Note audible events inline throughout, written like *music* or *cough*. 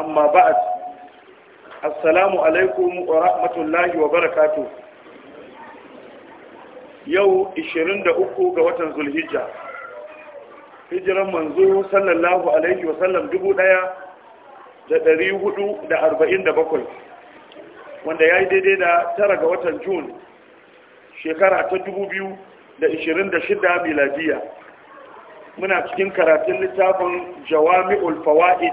amma ba'ad assalamu alaikum wa rahmatullahi wa barakatu yau 23 ga watan zulhijja hijiran manzo sallallahu alaihi wa sallam 1447 wanda ya yi daidai da tara ga watan jun shekara ta 2026 miladiya muna cikin karatun littafin jawami'ul fawa'id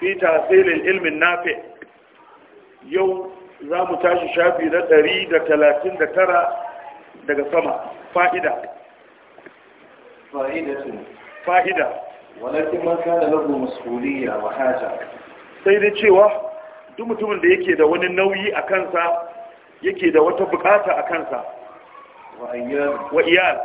fi tasirin ilmin nafi yau za mu tashi shafi na ɗari da da tara daga sama fa'ida fa'ida walakin maka da lagu mas'uliyya wa haja sai dai cewa duk mutumin da yake da wani nauyi a kansa yake da wata bukata a kansa wa iyal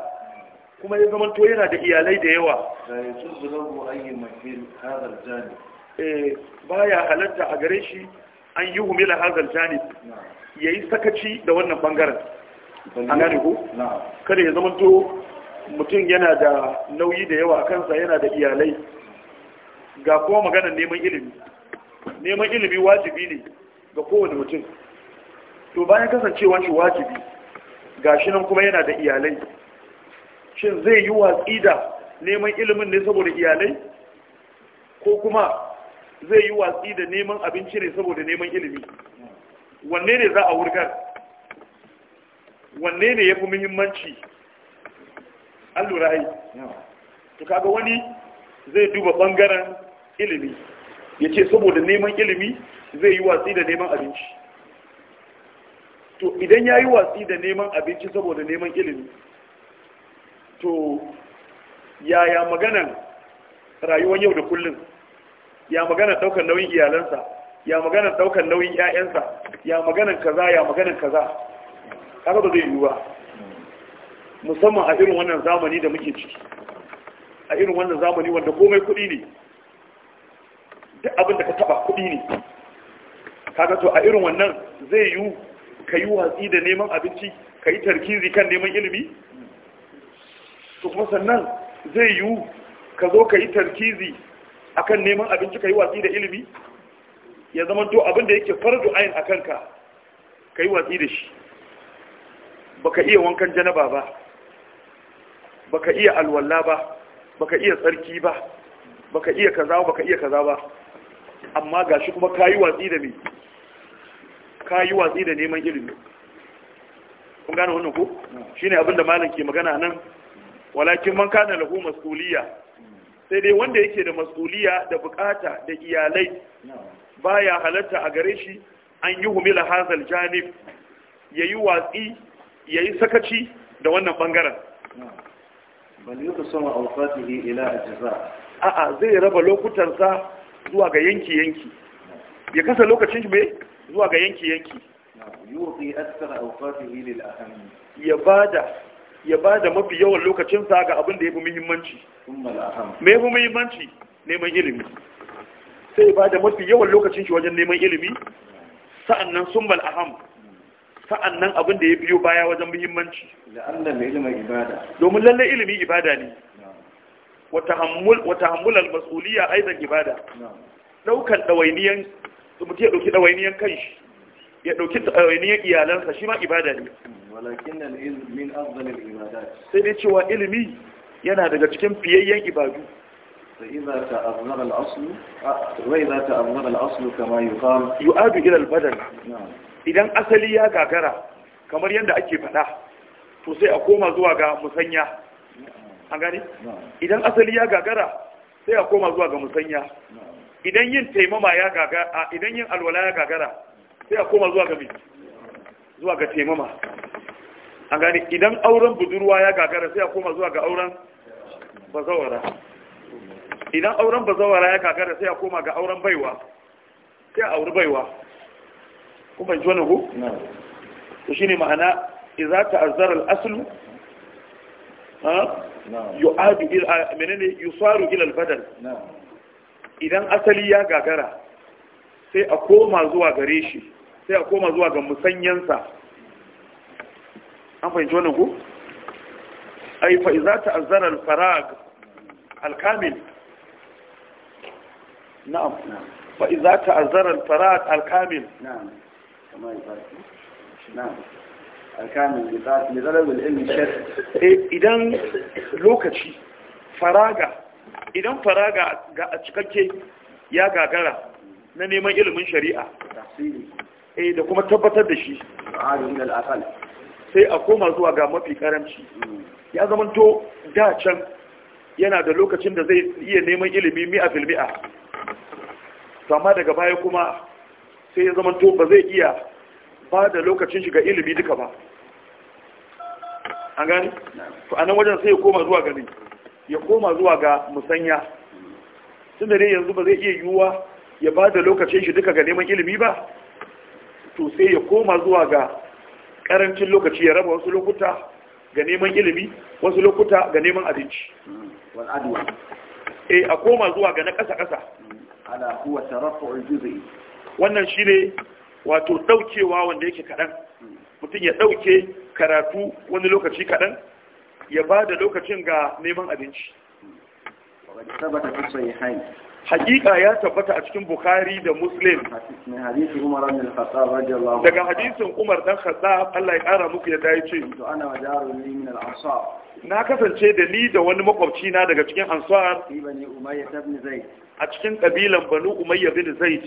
kuma ya zama to yana da iyalai da yawa da ya tuzu lahu ayyin mahil hadar jani Eh, baya halatta a gare shi an yi humila hazal janib ya yi sakaci da wannan bangaren an gane ko kada ya zama mutum yana da nauyi da yawa kansa yana da iyalai ga kuma maganar neman ilimi neman ilimi wajibi ne ga kowane mutum to bayan kasancewa shi wajibi gashi nan kuma yana da iyalai shin zai yi watsi da neman ilimin ne saboda iyalai ko kuma zai yi watsi da neman abinci ne saboda neman ilimi wanne ne za a wurgar wanne ne ya fi muhimmanci an lura ai to kaga wani zai duba bangaren ilimi ya ce saboda neman ilimi zai yi watsi da neman abinci to idan ya yi watsi da neman abinci saboda neman ilimi to yaya maganan rayuwar yau da kullum ya magana daukan nauyin iyalansa ya magana daukan nauyin ƴaƴansa ya magana kaza ya magana kaza haka ba zai yiwu ba musamman a irin wannan zamani da muke ciki a irin wannan zamani wanda komai kuɗi ne duk abin da ka taba kuɗi ne kaga to a irin wannan zai yiwu ka yi watsi da neman abinci ka yi tarkizi kan neman ilimi to kuma sannan zai yiwu ka zo ka yi tarkizi akan neman abinci ka yi watsi da ilimi ya zama to abin da yake farzu ayin a kanka ka yi watsi da shi baka iya wankan janaba ba baka iya alwala ba baka iya tsarki ba baka iya kaza baka iya kaza ba amma gashi kuma kai watsi da me kai watsi da neman ilimi kun gane wannan ko hmm. shine da malam ke magana nan walakin man kana lahu mas'uliyya sai dai wanda yake da mas'uliya da bukata da iyalai baya halatta a gare shi an yi humila hazal janib ya yi watsi ya yi sakaci da wannan bangaren yi a a a'a zai raba lokutansa zuwa ga yanki-yanki ya kasa lokacin shi mai zuwa ga yanki-yanki yi wufi askara a wufatihi lil ahami ya bada ya ba da mafi yawan lokacinsa ga abin da ya fi muhimmanci me ya fi muhimmanci neman ilimi sai ba da mafi yawan lokacin shi wajen neman ilimi Sa'an nan sun bal Sa'an nan abin da ya biyo baya wajen muhimmanci domin lallai ilimi ibada ne wata hammular masuliya aizan ibada daukan ɗawainiyan mutu ya ɗauki ɗawainiyan kan shi ya dauki tsawainiyar iyalansa shi ma ibada ne sai dai cewa ilimi yana daga cikin fiyayyen ibadu فإذا تأذر الأصل وإذا تأذر الأصل كما يقال يؤاد إلى البدن idan asali ya gagara, kamar yadda ake faɗa to sai a koma zuwa ga musanya an gani idan asali ya gagara sai a koma zuwa ga musanya idan yin taimama ya gagara idan yin alwala ya gagara sai a koma zuwa ga zuwa ga taimama an gani idan auren budurwa ya gagara sai a koma zuwa ga auren bazawara idan auren bazawara ya gagara sai a koma ga auren baiwa sai a auri baiwa kuma ji wani ku? na shi ne ma'ana iza ta azzarar asulu yu'adu menene yusaru ila albadar idan asali ya gagara sai a koma zuwa gare shi sai a koma zuwa ga musanyansa an fahimci wannan ku? ai fa iza azara al-farag al-kamil na'am fa iza azara al-farag al-kamil na'am eh, idan lokaci faraga idan faraga ga cikakke ya gagara na neman ilimin shari'a eh da kuma tabbatar da shi sai a koma zuwa ga mafi karamci ya zamanto da can yana da lokacin da zai iya neman ilimi mi'a filmi'a. mi'a amma daga baya kuma sai ya zamanto ba zai iya ba da lokacin shiga ilimi duka ba an gani? to anan wajen sai ya koma zuwa gani ya koma zuwa ga musanya tun da ne yanzu ba zai iya yiwuwa ya ba da lokacin shi duka ga neman ilimi ba to sai ya koma zuwa ga karancin lokaci ya raba wasu lokuta ga neman ilimi wasu lokuta ga neman abinci eh, a koma zuwa ga na ƙasa-ƙasa ala huwa tarafu'ul wannan shine wato daukewa wanda yake kadan mutum ya dauke karatu wani lokaci kadan ya ba da lokacin ga neman abinci hakika ya tabbata a cikin bukhari da muslim daga hadisin umar dan khattab Allah ya kara muku ya dai ce na kasance da ni da wani makwabci na daga cikin ansar a cikin kabilan banu umayya bin zaid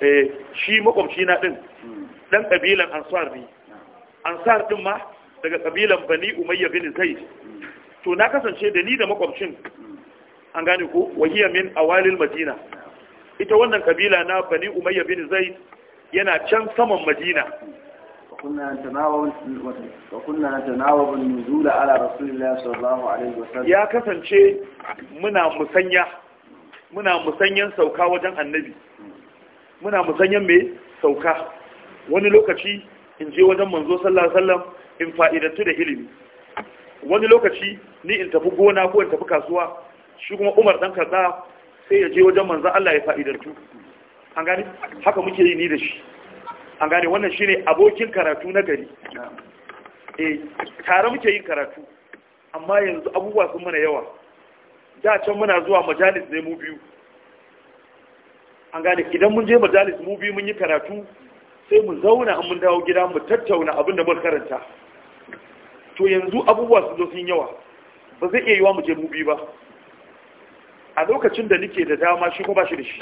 eh shi makwabci na din hmm. dan kabilan ansar ne ansar din ma daga kabilan bani umayya bin zaid hmm. to na kasance da ni da makwabcin hmm. an gane ko wahiya min awalil madina ita wannan kabila na bani umayya bin zaid yana can saman madina ya kasance muna musanya muna musanyan sauka wajen annabi muna musanyan mai sauka wani lokaci in je wajen manzo sallallahu sallam in fa'idattu da ilimi wani lokaci ni in tafi gona ko in tafi kasuwa shi kuma umar dan kaza sai ya je wajen manzan Allah ya fa'idantu an gani haka muke yi ni da shi an gani wannan shine abokin karatu na gari eh tare muke yin karatu amma yanzu abubuwa sun mana yawa da can muna zuwa majalis ne mu biyu an gani idan mun je majalis mu biyu mun yi karatu sai mu zauna an mun dawo gida mu tattauna abin da mun karanta to yanzu abubuwa sun zo sun yawa ba zai iya yiwa mu je mu biyu ba a lokacin da nike da dama shi ko ba shi da shi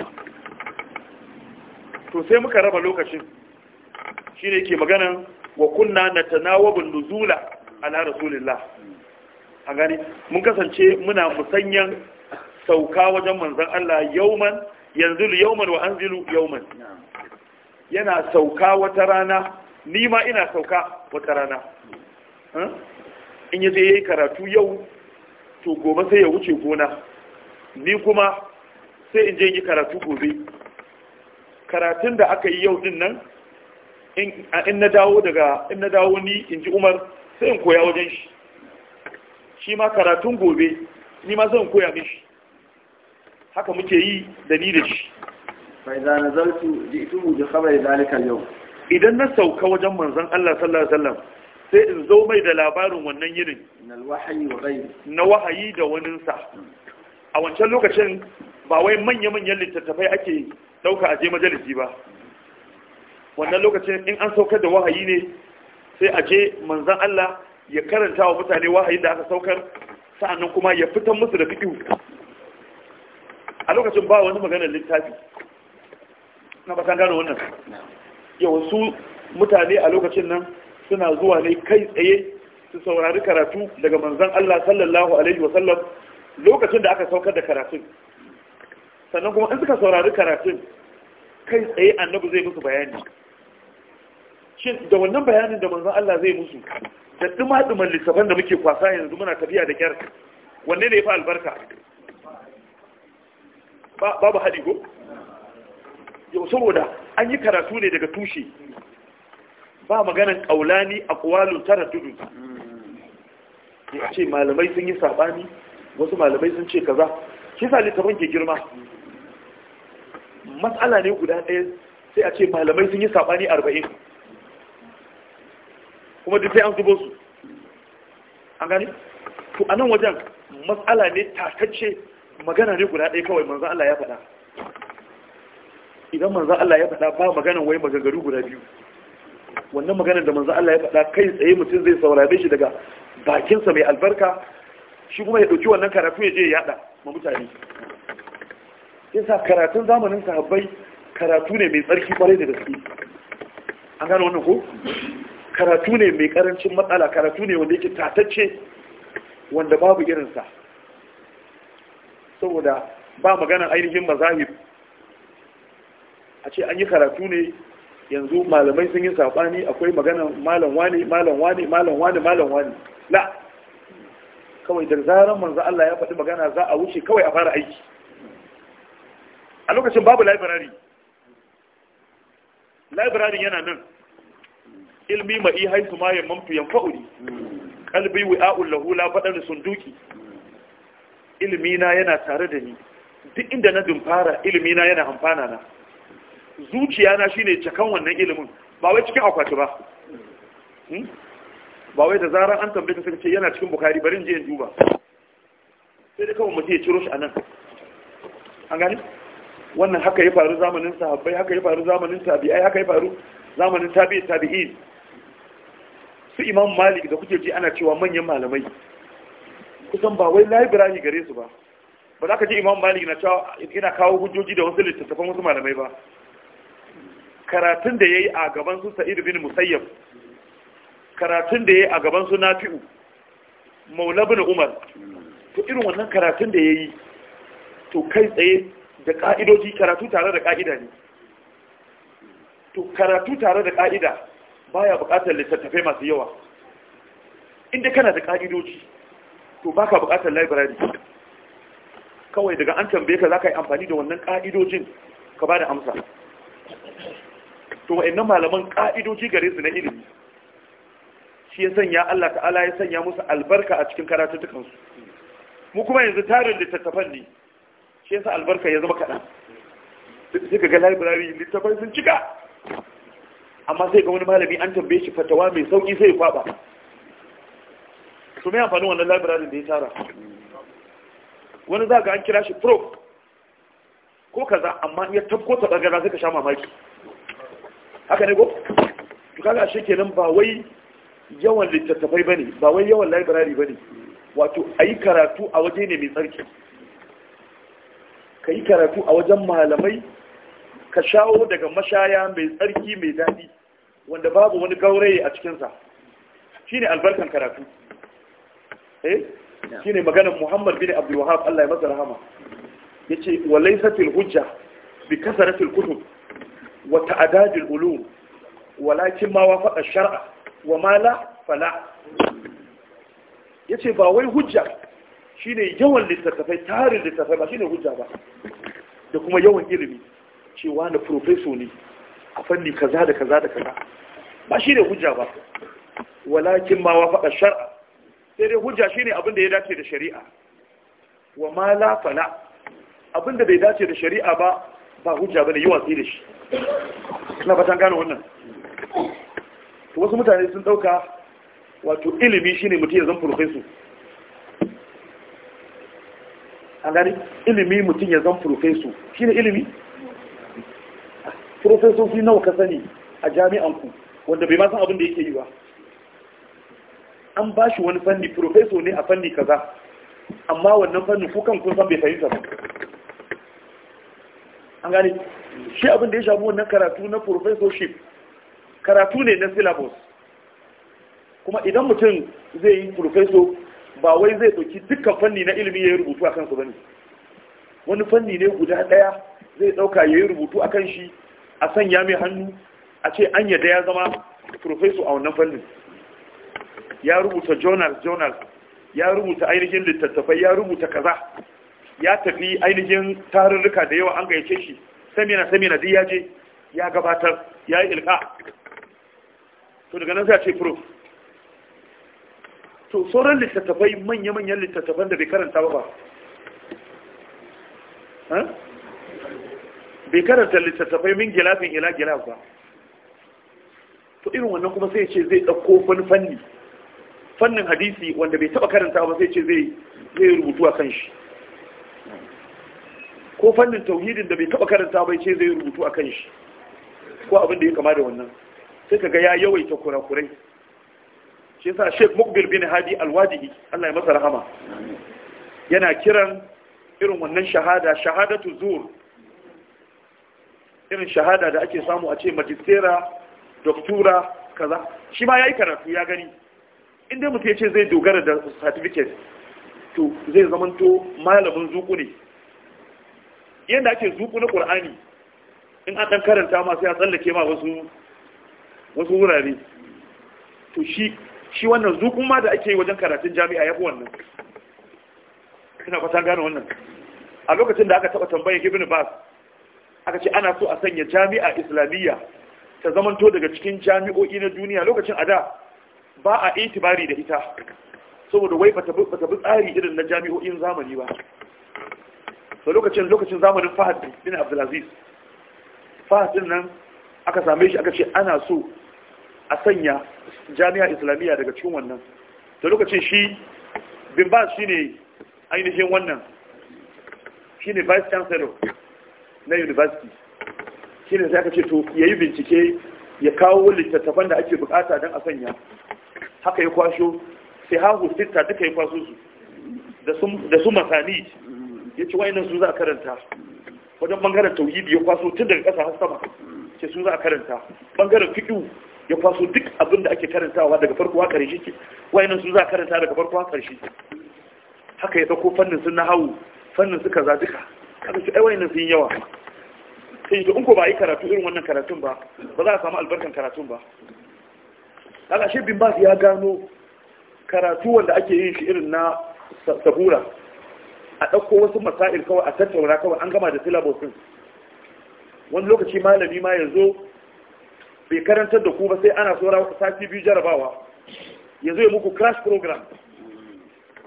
to sai muka raba lokacin shi ne ke magana wa kunna na tanawabin nuzula ala rasulillah a gani mun kasance muna musanyan sauka wajen manzan Allah yauman yanzu yauman wa anzilu yauman yana sauka wata rana ni ma ina sauka wata rana in yaje yayi karatu yau to gobe sai ya wuce gona ni kuma sai in je yi karatu gobe karatun da aka yi yau din nan in na dawo daga in na dawo ni in ji umar sai in koya wajen shi shi ma karatun gobe ni ma zan koya mishi haka muke yi da ni da shi bai za na zartu ji ito mu ji khabari yau idan na sauka wajen manzon Allah sallallahu alaihi wasallam sai in zo mai da labarin wannan yinin na wahayi da waninsa a wancan lokacin ba wai manya-manyan littattafai ake dauka aje majalisi ba wannan lokacin in an saukar da wahayi ne sai aje manzan Allah ya karanta wa mutane wahayi da aka saukar sa'annan kuma ya fitar musu da fiƙi a lokacin ba wani maganar littafi na ba san gano wannan yawan su mutane a lokacin nan suna zuwa ne kai tsaye su saurari karatu daga manzan Allah sallallahu alaihi wasallam lokacin da aka saukar da karatun sannan kuma in suka saurari karatun kai tsaye annabi zai musu bayani shin da wannan bayanin da manzon Allah zai musu da dumaduman littafan da muke kwasa yanzu muna tafiya da kyar wanne ne ya fi albarka babu haɗi ko yau saboda an yi karatu ne daga tushe ba maganan ƙaulani a kuwalun tara tudu ce malamai sun yi saɓani wasu malamai sun ce kaza kisa littafin ke girma matsala ne guda ɗaya sai a ce malamai sun yi saɓani arba'in kuma duk sai an zubo su an gani to a nan wajen matsala ne takacce magana ne guda ɗaya kawai manzan Allah ya faɗa idan manzan Allah ya faɗa ba maganan wai magagaru guda biyu wannan maganar da manzan Allah ya faɗa kai tsaye mutum zai saurabe shi daga bakinsa mai albarka shi kuma ya ɗauki wannan karatu ya je ya yada ma mutane yasa karatun zamanin sahabbai karatu ne mai tsarki kwarai da gaske an gano wannan ko karatu ne mai karancin matsala karatu ne wanda yake tatacce wanda babu irinsa saboda ba maganan ainihin mazahib a ce an yi karatu ne yanzu malamai sun yi saɓani akwai magana malam wane malam wane malam wane malam wane la kawai da zarar manzo Allah ya faɗi magana za a wuce kawai a fara aiki a lokacin babu library library yana nan ilmi ma'i haisu ma yamman fiyan fa'uri kalbi wi'a'ul lahu la faɗar sunduki ilmi na yana tare da ni duk inda na dumfara ilmi na yana amfana na zuciya na shine cakan wannan ilimin ba wai cikin akwati ba hmm? ba wai da zarar an tambaye ka ce yana cikin bukari bari in je in duba sai dai kawai mutum ya ciro shi a an gani wannan haka ya faru zamanin sahabbai haka ya faru zamanin tabi'ai haka ya faru zamanin tabi'i tabi'i su imam malik da kuke ji ana cewa manyan malamai kusan ba wai library gare su ba ba za ka ji imam malik na cewa ina kawo hujjoji da wasu littattafan wasu malamai ba karatun da ya yi a gaban su sa'id bin musayyab karatun da ya yi a gaban su nafi'u maulabin umar to irin wannan karatun da ya yi to kai tsaye da ka'idoji karatu tare da ka'ida ne to karatu tare da ka'ida baya buƙatar littattafai masu yawa inda kana da ka'idoji to baka buƙatar library kawai daga an tambaye ka za ka yi amfani da wannan ka'idojin ka ba da amsa to wa'annan malaman ka'idoji gare su na ilimi shi ya sanya Allah ta'ala ya sanya musu albarka a cikin karatuttukansu mu kuma yanzu tarin littattafan ne shi yasa albarka ya zama kaɗan sai ka ga library littattafai sun cika amma sai ga wani malami an tambaye shi fatawa mai sauki sai ya kwaba su mai amfanin wannan labirarin da ya tara wani za ga an kira shi pro ko kaza amma ya tabko ta ɓangaren sai ka sha mamaki haka ne ko? to kaga shi kenan ba wai yawan littattafai ba ne ba wai yawan library ba ne wato a yi karatu a waje ne mai tsarki ka yi karatu a wajen malamai ka shawo daga mashaya mai tsarki mai daɗi wanda babu wani gauraye a cikinsa shi ne albarkan karatu eh shi ne maganar muhammad bin wahab allah ya masa rahama ya ce wa laisatil hujja bi kasaratil kutub wa ta'adadil ulum walakin ma wa faɗa shar'a wa mala fala yace ba wai hujja shine yawan littattafai tarin littattafai ba shine hujja ba da kuma yawan ilimi cewa na professor ne a fanni kaza da kaza da kaza ba shine hujja ba walakin ma faɗa shar'a sai dai hujja shine abin da ya dace da shari'a wa mala fala abin da bai dace da shari'a ba ba hujja bane yawan sai da shi Kana fatan gano wannan to wasu mutane sun dauka wato ilimi shine mutum ya zan professor A gani ilimi mutum ya zan professor shine ilimi professor fi nawa ka sani a jami'anku wanda bai ma san abin da yake yi ba an ba shi wani fanni professor ne a fanni kaza amma wannan fannin kukan kun san bai fahimta ba an gani shi abin da ya shafi wannan karatu na professorship karatu ne na syllabus kuma idan mutum zai yi professor ba wai zai ɗauki dukkan fanni na ilimi ya yi rubutu a kansu ba wani fanni ne guda ɗaya zai ɗauka ya yi rubutu a kan shi a sanya mai hannu a ce an yadda ya zama professor a wannan fannin ya rubuta journal journal ya rubuta ainihin littattafai ya rubuta kaza ya tafi ainihin tarurruka da yawa an gayyace shi samina samina duk ya je ya gabatar ya yi ilka to daga nan sai a ce proof to sauran littattafai manya-manyan littattafan da bai karanta ba ba, bai karanta littattafai min gilafin ila gilaf ba to irin wannan kuma sai ce zai ɗauko wani fanni fannin hadisi wanda bai taɓa karanta ba sai ce zai rubutu a kan shi ko fannin tauhidin da bai taɓa karanta ba ce zai rubutu a kan shi ko abin da ya kama da wannan sai kaga ya yawaita kurakurai shi yasa Sheikh Mukbil bin Hadi alwadi Allah ya masa rahama yana kiran irin wannan shahada shahadatu zur irin shahada da ake samu a ce majistera doktura kaza shi ma yayi karatu ya gani inda mutum ya ce zai dogara da certificate to zai zamanto malamin zuku ne yadda ake zuku na ƙur'ani in a ɗan karanta masu ya tsallake ma wasu wasu wurare to shi shi wannan zukun ma da ake yi wajen karatun jami'a ya fi wannan ina fata gane wannan a lokacin da aka taɓa tambayar ibn bas aka ce ana so a sanya jami'a islamiyya ta zamanto daga cikin jami'o'i na duniya lokacin a da ba a itibari da ita saboda wai bata bi tsari irin na jami'o'in zamani ba to lokacin lokacin zamanin fahad bin abdulaziz fahad din nan aka same shi aka ce ana so a sanya jami'a islamiyya daga cikin wannan da lokacin shi bin ba shi ne ainihin wannan shi ne vice chancellor na university shi ne sai aka ce to ya yi bincike ya kawo littattafan da ake bukata don a sanya haka ya kwasho sai hagu sita duka ya kwaso su da su masani ya ci wa'inan su za karanta wajen bangaren tauhidi ya kwaso tun daga ƙasa har sama ce su za karanta bangaren fiƙi ya kwaso duk abin da ake karantawa daga farko har ƙarshe ke nan su za karanta daga farko har ƙarshe haka ya dauko fannin sun hawu fannin suka za duka kada su aiwaye nan sun yawa sai da ko ba a yi karatu irin wannan karatun ba ba za a samu albarkan karatun ba daga shi bin ya gano karatu wanda ake yin shi irin na sabura a ɗauko wasu masail kawai a tattauna kawai an gama da syllabus din wani lokaci malami ma ya zo bai karantar da ku ba sai ana saura sati biyu jarabawa yanzu ya muku crash program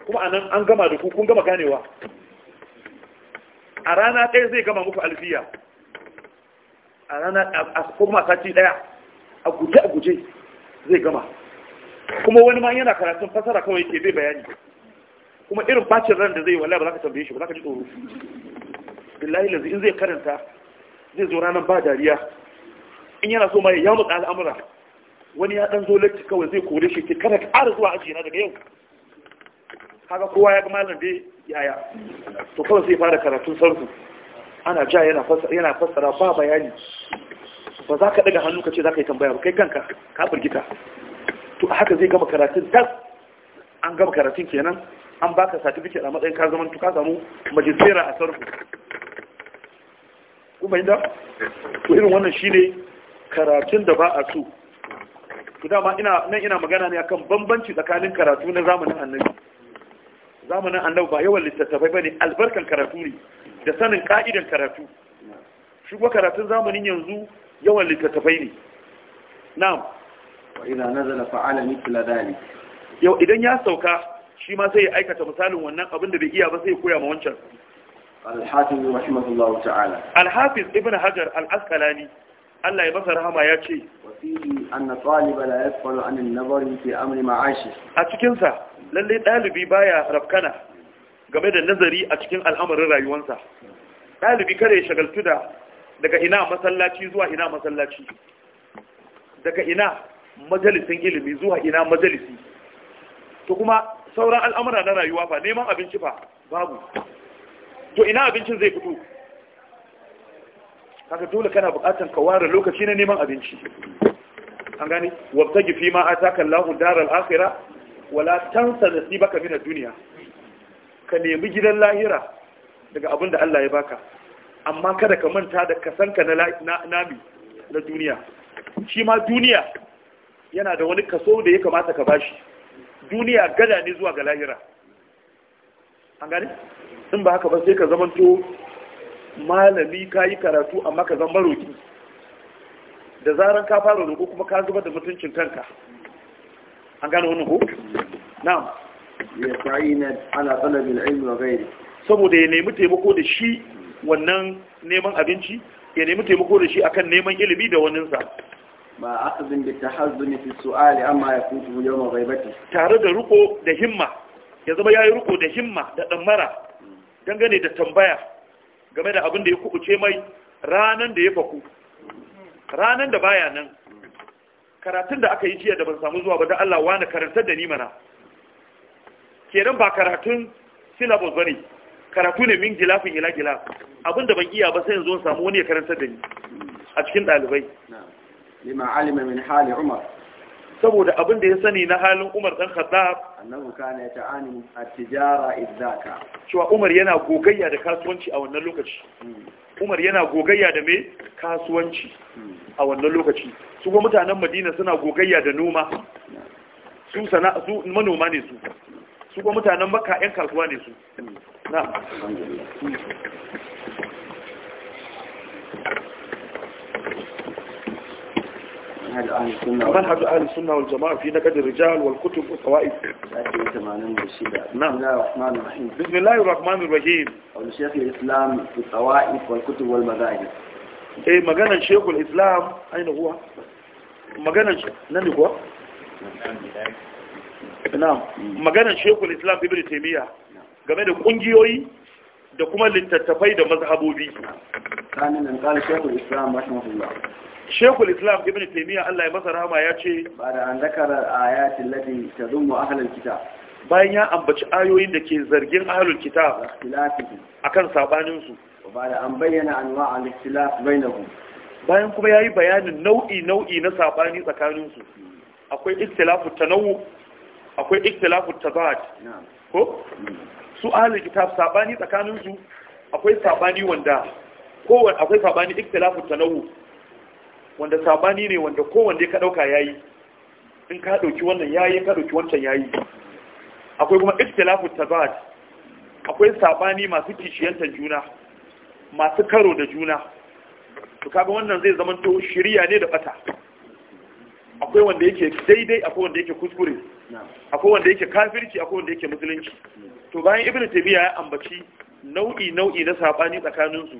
kuma anan an gama da ku kun gama ganewa a rana ɗaya zai gama muku alfiya a rana a kuma sati ɗaya a guje a guje zai gama kuma wani ma yana karatun fasara kawai ke zai bayani kuma irin bacin ran da zai yi wallahi ba za ka tambaye shi ba za ka ji tsoro billahi lazi in zai karanta zai zo ranar ba dariya in yana so ma ya yamutsa al'amura wani ya dan zo latti kawai zai kore shi ke kada ara zuwa aji na daga yau haka kowa ya ga malam dai yaya to kawai sai fara karatun sarku ana ja yana fassara ba bayani ba za ka daga hannu ka ce za ka yi tambaya ba kai kanka ka firgita to haka zai gama karatun tas an gama karatun kenan an baka certificate a matsayin ka zaman ka samu majistera a sarku kuma inda to irin wannan shine karatun da ba a so ku dama ina nan ina magana ne akan bambanci tsakanin karatu na zamanin annabi zamanin annabi ba yawan littattafai bane albarkan karatu ne da sanin ka'idan karatu shi kuma karatun zamanin yanzu yawan littattafai ne na'am wa idza nazala fa'ala mithla dhalik yau idan ya sauka shi ma sai ya aikata misalin wannan abin da bai iya ba sai ya koya ma wancan al-hafiz rahimahullahu ta'ala al-hafiz ibn hajar al-asqalani Allah ya masa rahama ya ce a cikinsa lalle ɗalibi baya rafkana game da nazari a cikin al'amarin rayuwansa ɗalibi kare ya shagaltu da daga ina masallaci zuwa ina masallaci daga ina majalisin ilimi zuwa ina majalisi to kuma sauran al'amura na rayuwa fa neman abinci fa babu to ina abincin zai fito kaga dole kana buƙatar ka ware lokaci na neman abinci an wa wabtaji fi ma ataka Allahu daral akhira wala tansa nasibaka min ad-dunya ka nemi gidan lahira daga abin da Allah ya baka amma kada ka manta da kasanka na nami na duniya shi ma duniya yana da wani kaso da ya kamata ka bashi duniya gada ne zuwa ga lahira an gani in ba haka ba sai ka zamanto malami ka yi karatu amma ka zan ki? da zaran ka fara roƙo kuma ka zubar da mutuncin kanka an gane wani ko na'am ya sa'ina ana talabil ilmi wa gairi. saboda ya nemi taimako da shi wannan neman abinci ya nemi taimako da shi akan neman ilimi da waninsa ma akhdhin bi tahazzuni fi su'ali amma ya yafutu yawma ghaibati tare da riko da himma ya zama ya yi riko da himma da damara dangane da tambaya game da abin da ya kubuce mai ranan da ya faku ranan da baya nan karatun da aka yi jiya da ban samu zuwa ba da Allah wani karantar da ni mana kenan ba karatun syllabus bane karatu ne min gilafin ila gila abin da ban iya ba sai yanzu samu wani ya karantar da ni a cikin dalibai lima alima min hali umar saboda abin da ya sani na halin Umar dan Khattab annahu kana yata'ani at-tijara idzaka cewa Umar yana gogayya da kasuwanci a wannan lokaci hmm. Umar yana gogayya da me kasuwanci hmm. a wannan lokaci su kuma mutanen Madina suna gogayya da noma hmm. su sana su manoma ne su su kuma mutanen Makka ƴan kasuwa ne su na'am alhamdulillah منهج أهل السنة والجماعة في نقد الرجال والكتب والطوائف نعم بسم الله الرحمن الرحيم بسم الله الرحمن الرحيم قول شيخ الإسلام في الطوائف والكتب والمذاهب إيه مجانا شيخ الإسلام أين هو؟ مجانا نعم هو؟ نعم مجانا شيخ الإسلام في ابن تيمية game da kungiyoyi da kuma littattafai da mazhabobi. Kanin nan kala shekul Islam rahimahullah. shekul islam ibn taimiyya allah ya masa rahama ya ce ba da an zakarar ayatin lati ta ahlul kitab bayan ya ambaci ayoyin da ke zargin ahlul kitab akan sabanin saɓaninsu ba da an bayyana anwa al-ikhtilaf bainahum bayan kuma ya yi bayanin nau'i-nau'i na saɓani tsakaninsu akwai ikhtilafu tanawu akwai ikhtilafu tazad ko su kitab sabani saɓani tsakaninsu akwai saɓani wanda ko akwai saɓani ikhtilafu tanawu wanda sabani ne wanda kowanne ka dauka yayi in ka dauki wannan yayi ka dauki wancan yayi akwai kuma ikhtilafu tabat akwai sabani masu kishiyanta juna masu karo da juna to kaga wannan zai zama to shiriya ne da fata akwai wanda yake daidai akwai wanda yake kuskure akwai wanda yake kafirci akwai wanda yake musulunci to bayan ibnu tabiya ya ambaci nau'i nau'i na sabani tsakaninsu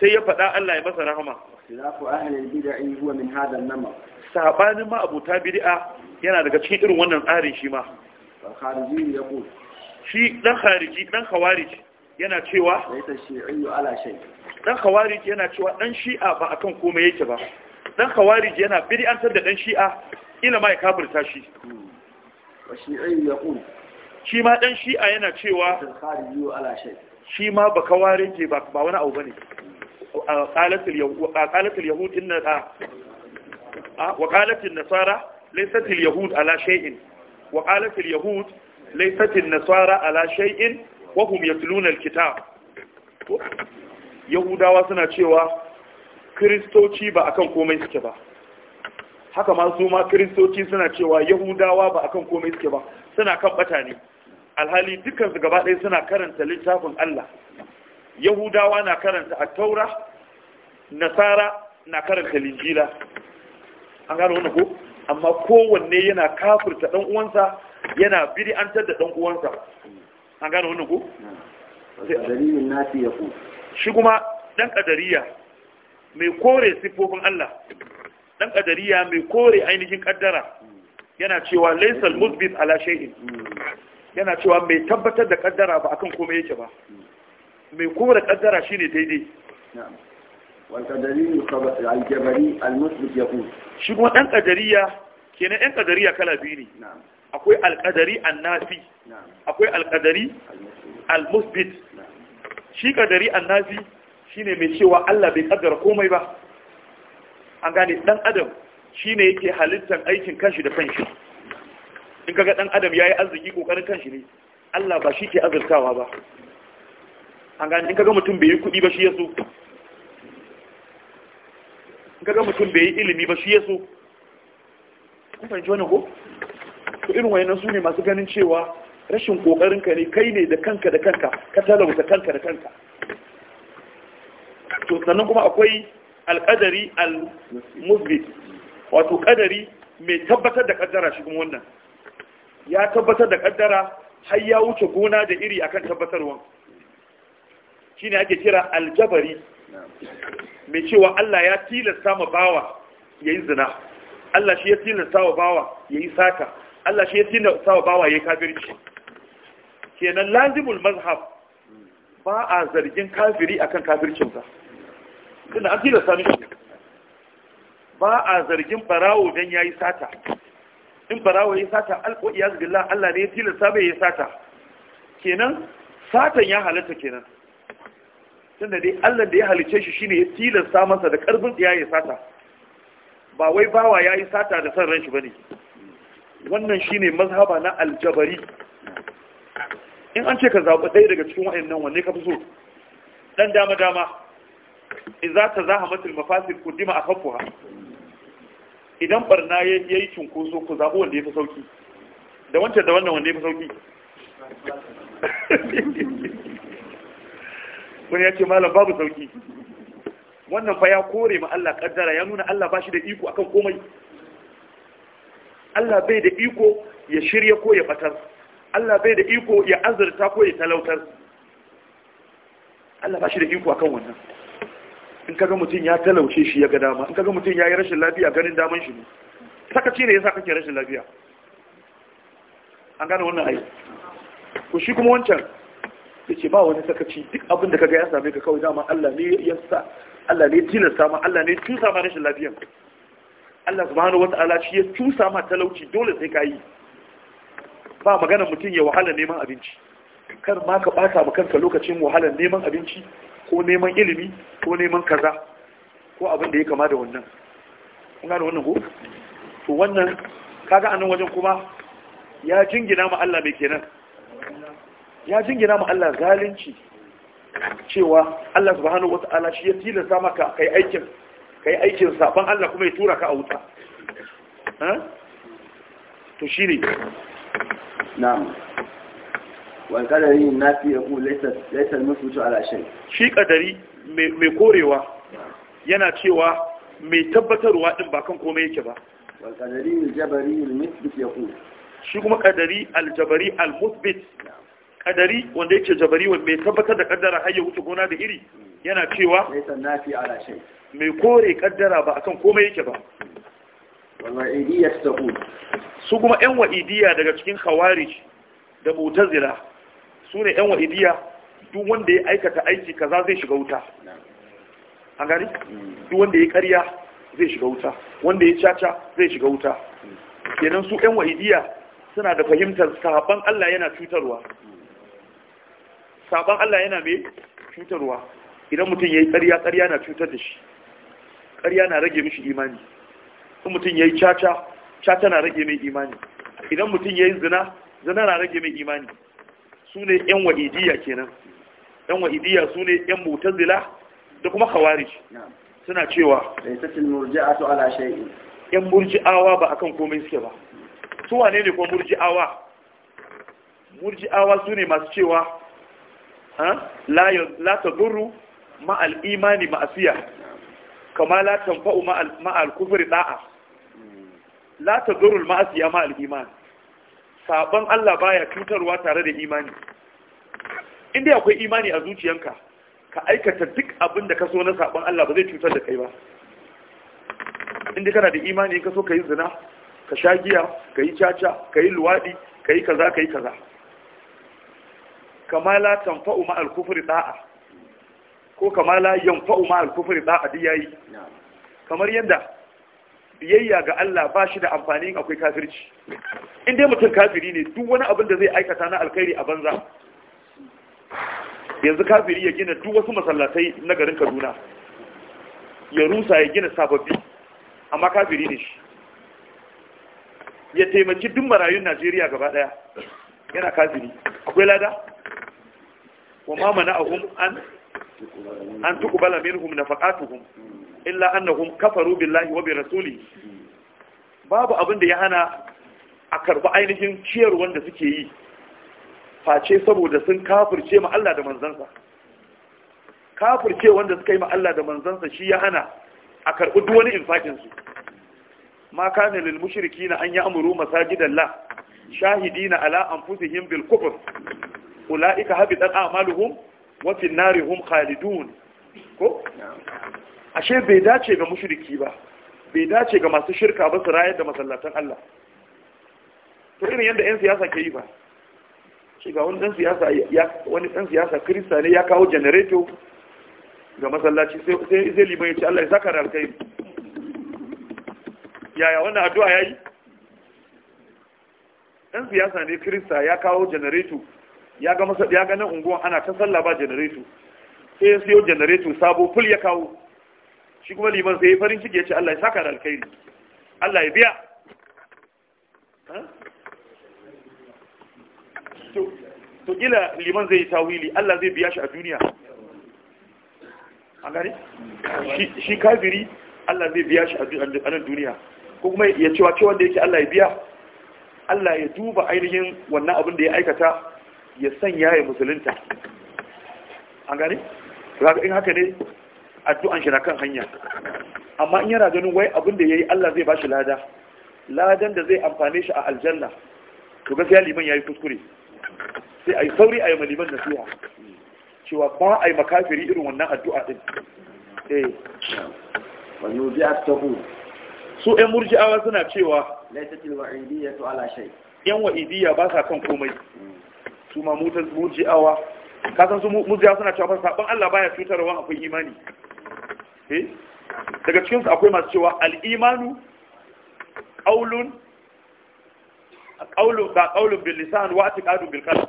sai ya faɗa Allah ya masa rahama khilafu ahlil bid'i huwa min hadha an sabanin ma abuta bid'a yana daga cikin irin wannan tsarin shi ma khariji yaqul shi dan khariji dan khawarij yana cewa laita shi'iyyu dan yana cewa ɗan shi'a ba akan komai yake ba dan khawarij yana bid'antar da dan shi'a ina mai kafirta shi hmm. shi ma dan shi'a yana cewa shi ma ba kawarije ba ba wani abu bane qalatul yahud inna wa qalatul nasara laysat al yahud ala shay'in wa qalatul yahud laysat al nasara ala shay'in wa hum yatluna al yahudawa suna cewa kristoci ba akan komai suke ba haka ma su ma kristoci suna cewa yahudawa ba akan komai suke ba suna kan batani. alhali dukkan su gaba ɗaya suna karanta littafin Allah yahudawa na karanta a taura nasara na karanta linjila an gano wani ko amma kowanne yana kafirta ɗan uwansa yana bid'antar da ɗan uwansa an gano wani ko dalilin nasi ya ku shi kuma ɗan ƙadariya mai kore siffofin Allah ɗan ƙadariya mai kore ainihin ƙaddara, yana cewa 'Laisal musbit ala Shehin' hmm. yana cewa mai tabbatar da ƙaddara ba akan komai yake ba hmm. mai da kaddara shine daidai shi kuma ɗan ƙadariya kenan ɗan ƙadariya kala biyu ne akwai alƙadari annafi akwai alƙadari almusbit shi ƙadari annafi shine mai cewa Allah bai ƙaddara komai ba an gane ɗan adam shine yake halittar aikin kanshi da kanshi in kaga ɗan adam ya yi arziki ƙoƙarin kanshi ne Allah ba shi ke azurtawa ba an gani in kaga mutum bai yi kudi ba shi ya in kaga mutum bai yi ilimi ba shi ya so kun fahimci wani ko to irin wayannan su ne masu ganin cewa rashin kokarin ka ne kai ne da kanka da kanka ka talauta kanka da kanka to sannan kuma akwai alƙadari al-musbit wato ƙadari mai tabbatar da ƙaddara shi kuma wannan ya tabbatar da ƙaddara har ya wuce gona da iri akan tabbatarwan shine ake kira aljabari mai cewa Allah ya tilasta ma bawa yayi zina Allah shi ya tilasta ma bawa yayi sata Allah shi ya tilasta ma bawa yayi kafirci kenan lazimul mazhab ba a zargin kafiri akan ba, tunda an tilasta mishi ba a zargin barawo dan yayi sata in barawo yayi sata alqiyaz billah Allah ne ya tilasta bai yayi sata kenan satan ya halatta kenan tunda dai Allah da ya halice shi shine ya tilasta masa da karfin tsiya ya sata ba wai bawa yayi sata da san ran shi bane wannan shine mazhaba na aljabari in an ce ka zaɓi ɗaya daga cikin wa'annan wanne ka fi so dan dama dama idza tazahamatul mafasid quddima afafuha idan barna yayi cunkoso ku zaɓi wanda ya fi sauki da wancan da wannan wanda ya fi sauki *laughs* wani ya ce malam babu sauki wannan fa ya kore ma Allah kaddara ya nuna Allah bashi da iko akan komai Allah bai da iko ya shirya ko ya batar Allah bai da iko ya azurta ko ya talautar Allah bashi da iko akan wannan in kaga mutum ya talauce shi ya ga dama in kaga mutum ya yi rashin lafiya ganin daman shi ne sakaci ne yasa kake rashin lafiya an gane wannan ai ku shi kuma wancan ce ba wani sakaci duk abinda kaga ya same ka kawai dama Allah ne ya sa Allah ne tilasta ma Allah ne tusa ma rashin lafiyan Allah subhanahu wataala shi ya tusa ma talauci dole sai ka yi ba magana mutum ya wahala neman abinci kar ma ka bata ma kanka lokacin wahala neman abinci ko neman ilimi ko neman kaza ko abin da ya kama da wannan kun da wannan ko to wannan kaga anan wajen kuma ya jingina ma Allah mai kenan ya jingina ma Allah zalunci cewa Allah subhanahu wata'ala shi ya tilasta maka kai aikin kai aikin saban Allah kuma ya tura ka a wuta to shine na'am wal qadari nafi yaqul laysa laysa al-musbitu ala shay shi qadari mai korewa yana cewa mai tabbatarwa din ba kan komai yake ba wal qadari al-jabari al-musbit ku. shi kuma qadari aljabari, jabari al na'am kadari wanda yake jabari mai tabbatar da kaddara har ya wuce gona da iri yana cewa mai kore kaddara ba akan komai yake ba su kuma ƴan wa'idiya daga cikin khawarij da mutazila su ne ƴan wa'idiya duk wanda ya aikata aiki kaza zai shiga wuta an gani duk wanda ya karya zai shiga wuta wanda ya caca zai shiga wuta kenan su ƴan wa'idiya suna da fahimtar sahabban Allah yana cutarwa saban Allah yana mai cutarwa idan mutum ya yi ƙarya ƙarya na cutar da shi ƙarya na rage mishi imani in mutum ya yi caca caca na rage mai imani idan mutum ya yi zina zina na rage mai imani su ne 'yan wa'idiyya kenan 'yan wa'idiyya su ne 'yan mutazila da kuma kawari suna cewa yan murji'awa ba akan komai suke ba su wane ne ko murji'awa murji'awa su ne masu cewa la ta ma al-imani ma'asiya kama la ta ma al kufuri da'a la ta duru maasiya ma al saban Allah baya cutarwa tare da imani inda akwai imani a zuciyanka ka aikata duk abin da ka so na saban Allah ba zai cutar da kai ba inda kana da imani ka so ka yi zina ka sha giya ka yi caca ka yi luwaɗi ka yi kaza ka yi kaza kama la tanfa'u ma al-kufri da'a ko kama la yanfa'u ma al-kufri da'a di yayi kamar yadda biyayya ga Allah ba shi da amfani akwai kafirci in dai mutum kafiri ne duk wani abin da zai aikata na alkhairi a banza yanzu kafiri ya gina duk wasu masallatai na garin Kaduna ya rusa ya gina sababbi amma kafiri ne shi ya taimaki duk marayun Najeriya gaba daya yana kafiri akwai lada wa ma mana'ahum an an tuqbala minhum nafaqatuhum illa annahum kafaru billahi wa bi babu abin da ya hana a karba ainihin ciyarwar da suke yi face saboda sun kafirce ma Allah da manzansa kafirce wanda suka yi ma Allah da manzansa shi ya hana a karbi duk insakinsu. infakin su ma kana lil mushrikina an ya'muru masajidallah shahidina ala anfusihim bil kufr ula'ika habitat a'maluhum wa fi narihum khalidun ko ashe bai dace ga mushriki ba bai dace ga masu shirka ba su rayar da masallatan Allah to irin yadda yan siyasa ke yi ba shi ga wani dan siyasa ya wani dan siyasa krista ne ya kawo janareto ga masallaci sai sai liman ya ce Allah ya saka da alkai yaya wannan addu'a yayi dan siyasa ne krista ya kawo generator ya ga masa ya ganin unguwan ana ta sallah ba janareto sai ya siyo janareto sabo ful ya kawo shi kuma liman sai ya farin ciki ya ce Allah ya saka da alkhairi Allah ya biya to ila liman zai yi tawili Allah zai biya shi a duniya an gani shi kafiri Allah zai biya shi a nan duniya ko kuma ya cewa cewa da yake Allah ya biya Allah ya duba ainihin wannan abin da ya aikata ya sanya ya musulunta an gane Raga in haka ne addu'an shi na kan hanya amma in yana ganin wai abin da ya yi Allah zai ba shi lada ladan da zai amfane shi a aljanna to gaskiya liman ya yi kuskure sai a yi sauri a ma maliman nasiha cewa ba yi makafiri irin wannan addu'a din eh wani a tafi. su ɗan murji'awa suna cewa wa'idiyya wa'idiyatu ala shai yan wa'idiyya ba sa kan komai hmm. su ma mutar murji'awa ka san su murji'awa suna cewa sabon Allah baya cutarwa akwai imani eh daga cikin su akwai masu cewa al-imanu qaulun qaulun da qaulun bil lisan wa i'tiqadun bil qalb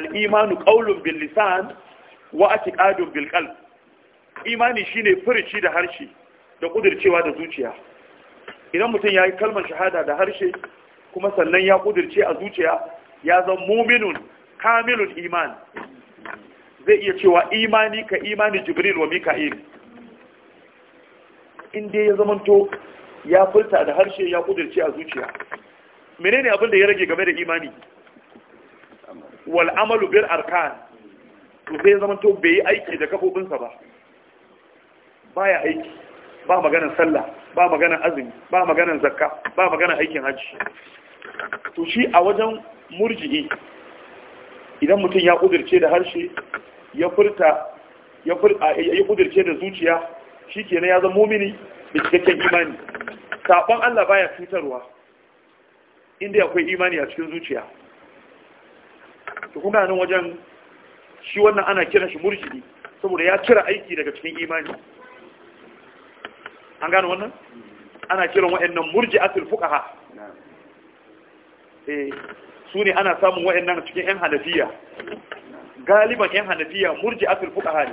al-imanu qaulun bil lisan wa i'tiqadun bil qalb imani shine furici da harshe da kudircewa da zuciya idan mutum ya yi kalmar shahada da harshe kuma sannan ya kudirce a zuciya ya zan muminun kamilun iman zai iya cewa imani ka imani jibril wa mika'il inda ya to ya furta da harshe ya kudurce a zuciya menene abin da ya rage game da imani Wal'amalu bir arkan to sai to bai yi aiki da kafofinsa ba baya aiki ba maganar sallah ba maganar azumi ba maganar zakka ba maganar aikin hajji to shi a wajen murji'i idan mutum ya kudirce da harshe ya furta ya kudirce da zuciya shi kenan ya zama mumini da cikakken imani sabon Allah baya cutarwa inda akwai imani a cikin zuciya to kuma nan wajen shi wannan ana kiran shi murji'i saboda ya cira aiki daga cikin imani an gano wannan ana kiran wa'annan murji'atul fuqaha Eh, su ne ana samun nan cikin 'yan hanafiya galiban 'yan hanafiya murji asul fuka hali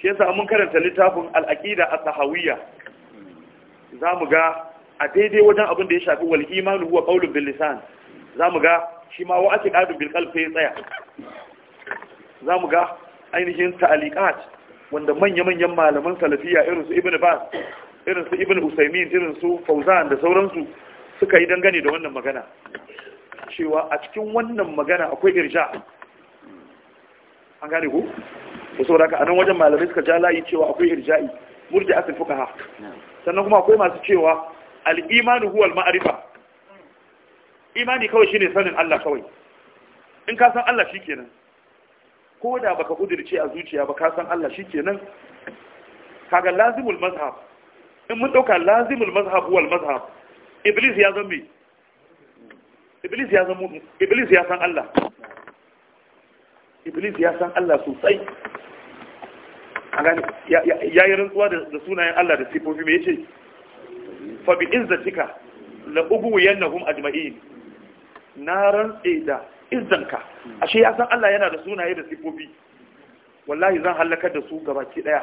shi yasa mun karanta littafin al'aƙida a sahawiyya za mu ga a daidai wajen abin da ya shafi wal imanu huwa qaulun bil lisan za mu ga shi ma wa ake ƙadun bil qalbi ya tsaya za mu ga ainihin ta'aliqat wanda manya-manyan malaman salafiya irin su ibnu bas irin su ibnu usaymin irin su fauzan da sauransu suka yi dangane da wannan magana cewa a cikin wannan magana akwai irja an gane ku da sauraka a nan wajen malamai suka ja layi cewa akwai irja'i murji asir ha. sannan kuma akwai masu cewa al'imani huwal ma'arifa imani kawai shine sanin Allah kawai in ka san Allah shikenan ko da baka kudirce a zuciya ba ka san Allah shikenan kaga lazimul mazhab in mun dauka lazimul mazhab wal mazhab iblis ya zan bi iblis ya zan iblis ya san Allah iblis ya san Allah sosai ya yi rantsuwa da sunayen Allah da sifofi mai yace fa bi izzatika la ubwiyannahum ajma'in na rantse da izzanka ashe ya san Allah yana da sunaye da sifofi wallahi zan halakar da su gabaki daya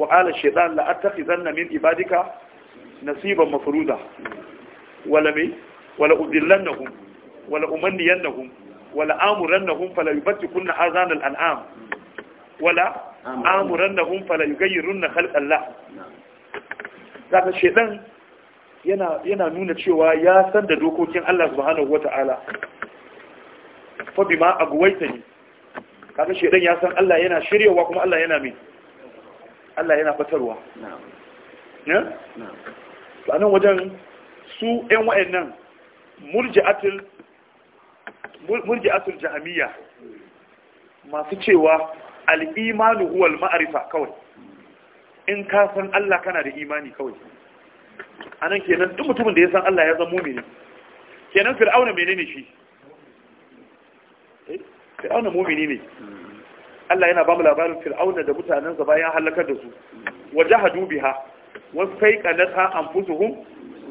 wa ala shaytan la attakhizanna min ibadika nasiban mafruda wala mai wala udillannahum wala umanniyannahum wala amurannahum fala yubtikunna azan al'am wala amurannahum fala yughayyirunna khalqallah zaka yana yana nuna cewa ya san da dokokin Allah subhanahu wata'ala fa bima agwaytani kaga shedan ya san Allah yana shiryawa, kuma Allah yana mai Allah yana fatarwa na'am na'am a nan wajen su 'yan wa'annan murji'atul jahamiya masu cewa al'imanu huwal ma'arifa kawai in ka san Allah kana da imani kawai a nan kenan duk mutumin da ya san Allah ya zan mu mumini kenan fir'auna menene shi eh, fir'auna mumini ne Allah yana ba mu labarin fir'auna da zaba bayan halakar da su wajahadu biha na wasai kanata hun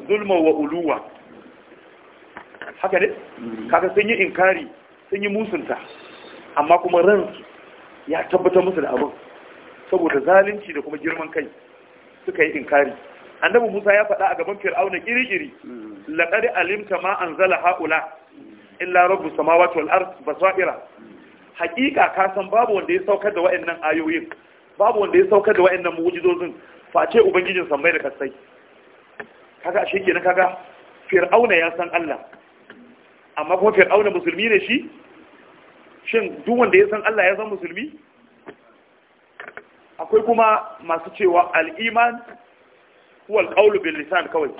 zulma wa uluwa haka ne mm. Kaka sun yi inkari sun yi musunta amma kuma ran ya tabbatar musu da abin saboda zalunci da kuma girman kai suka yi inkari annabi Musa ya faɗa a gaban Fir'auna iri-iri mm. laƙari alimta ma an anzala haula illa rabbus samawati wal ard basaira hakika ka san babu wanda ya saukar da waɗannan ayoyin babu wanda ya saukar da wayannan mu'jizozin face ubangijin sammai da kasai kaga shi kenan kaga fir'auna ya san Allah amma kuma fir'auna musulmi ne shi shin duk wanda ya san Allah ya san musulmi akwai kuma masu cewa al-iman huwa al-qawlu bil lisan kawai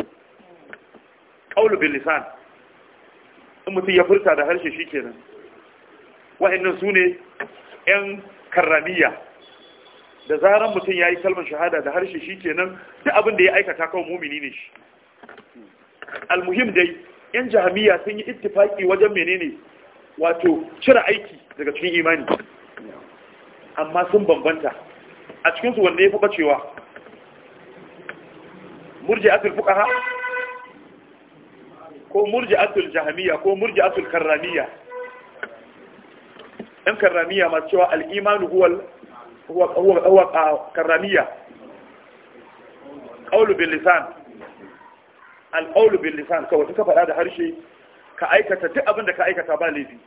qawlu bil lisan in mutum ya furta da harshe shikenan wa'annan su ne 'yan karramiya da zaran mutum ya yi kalmar shahada da harshe shi kenan duk abin da ya aikata kawai mumini ne shi almuhim dai yan jahamiya sun yi ittifaki wajen menene wato cire aiki daga cikin imani amma sun bambanta a cikinsu wanne ya fi bacewa murji asul fukaha ko murji asir jahamiya ko murji asir karramiya yan karramiya masu cewa al'imanu huwal karramiya ƙaulu bin lisan alƙaulu bin lisan kawai ka faɗa da harshe ka aikata duk abin da ka aikata ba laifi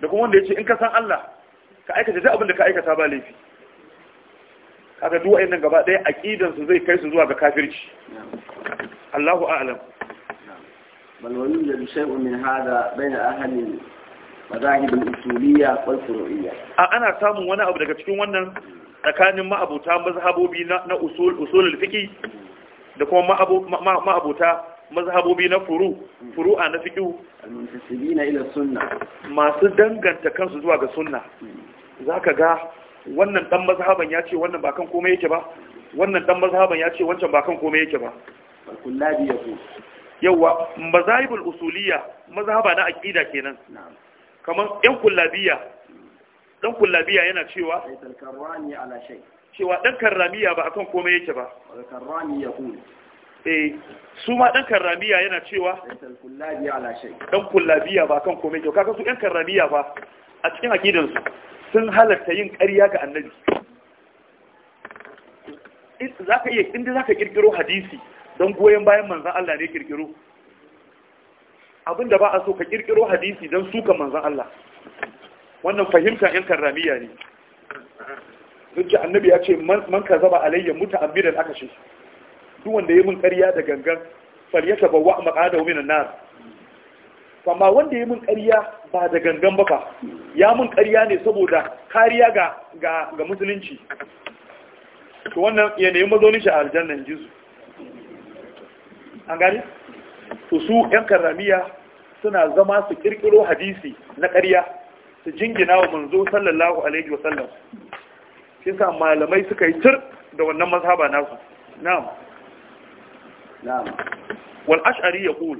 da kuma wanda ya ce in ka san Allah ka aikata duk abin da ka aikata ba laifi kaga duk wa'annan gaba ɗaya a su zai kai su zuwa ga kafirci Allahu a'alam. bal wani da shay'un min hada bayna ahli mazahibul usuliyya wal furu'iyya a ana samun wani abu daga cikin wannan tsakanin ma'abuta mazhabobi na usul usulul fiqi da kuma ma'abuta mazhabobi na furu furu'a na fiqi al-muntasibina ila masu danganta kansu zuwa ga sunna zaka ga wannan dan mazhaban ya ce wannan ba kan komai yake ba wannan dan mazhaban ya ce wancan ba kan komai yake ba kullabi yawa mazahibul usuliyya mazhaba na aqida kenan kamar ɗan kullabiya ɗan kullabiya yana cewa cewa ɗan karramiya ba akan komai yake ba eh su ma ɗan karramiya yana cewa ɗan kullabiya ba akan komai yake Kaka su ɗan karramiya ba a cikin aqidansu sun halarta yin ƙarya ga annabi zaka iya inda ƙirƙiro hadisi don goyon bayan manzan Allah ne ƙirƙiro? abinda ba a so ka kirkiro hadisi don suka manzan Allah wannan fahimta yan karramiya ne duk da annabi ya ce man ka zaba alayya muta'ammidan aka shi duk wanda ya mun ƙarya da gangan falyata bawa maqadahu minan nar amma wanda ya mun ƙarya ba da gangan ba fa ya mun ƙarya ne saboda kariya ga ga ga musulunci to wannan yanayin mazaunin shi a aljanna jisu an gani Su su yan karramiya suna zama su kirkiro hadisi na ƙarya su jingina wa manzo sallallahu alaihi wa sallam shi sa malamai suka yi tur da wannan mazhaba nasu na'am na'am wal ash'ari yaqul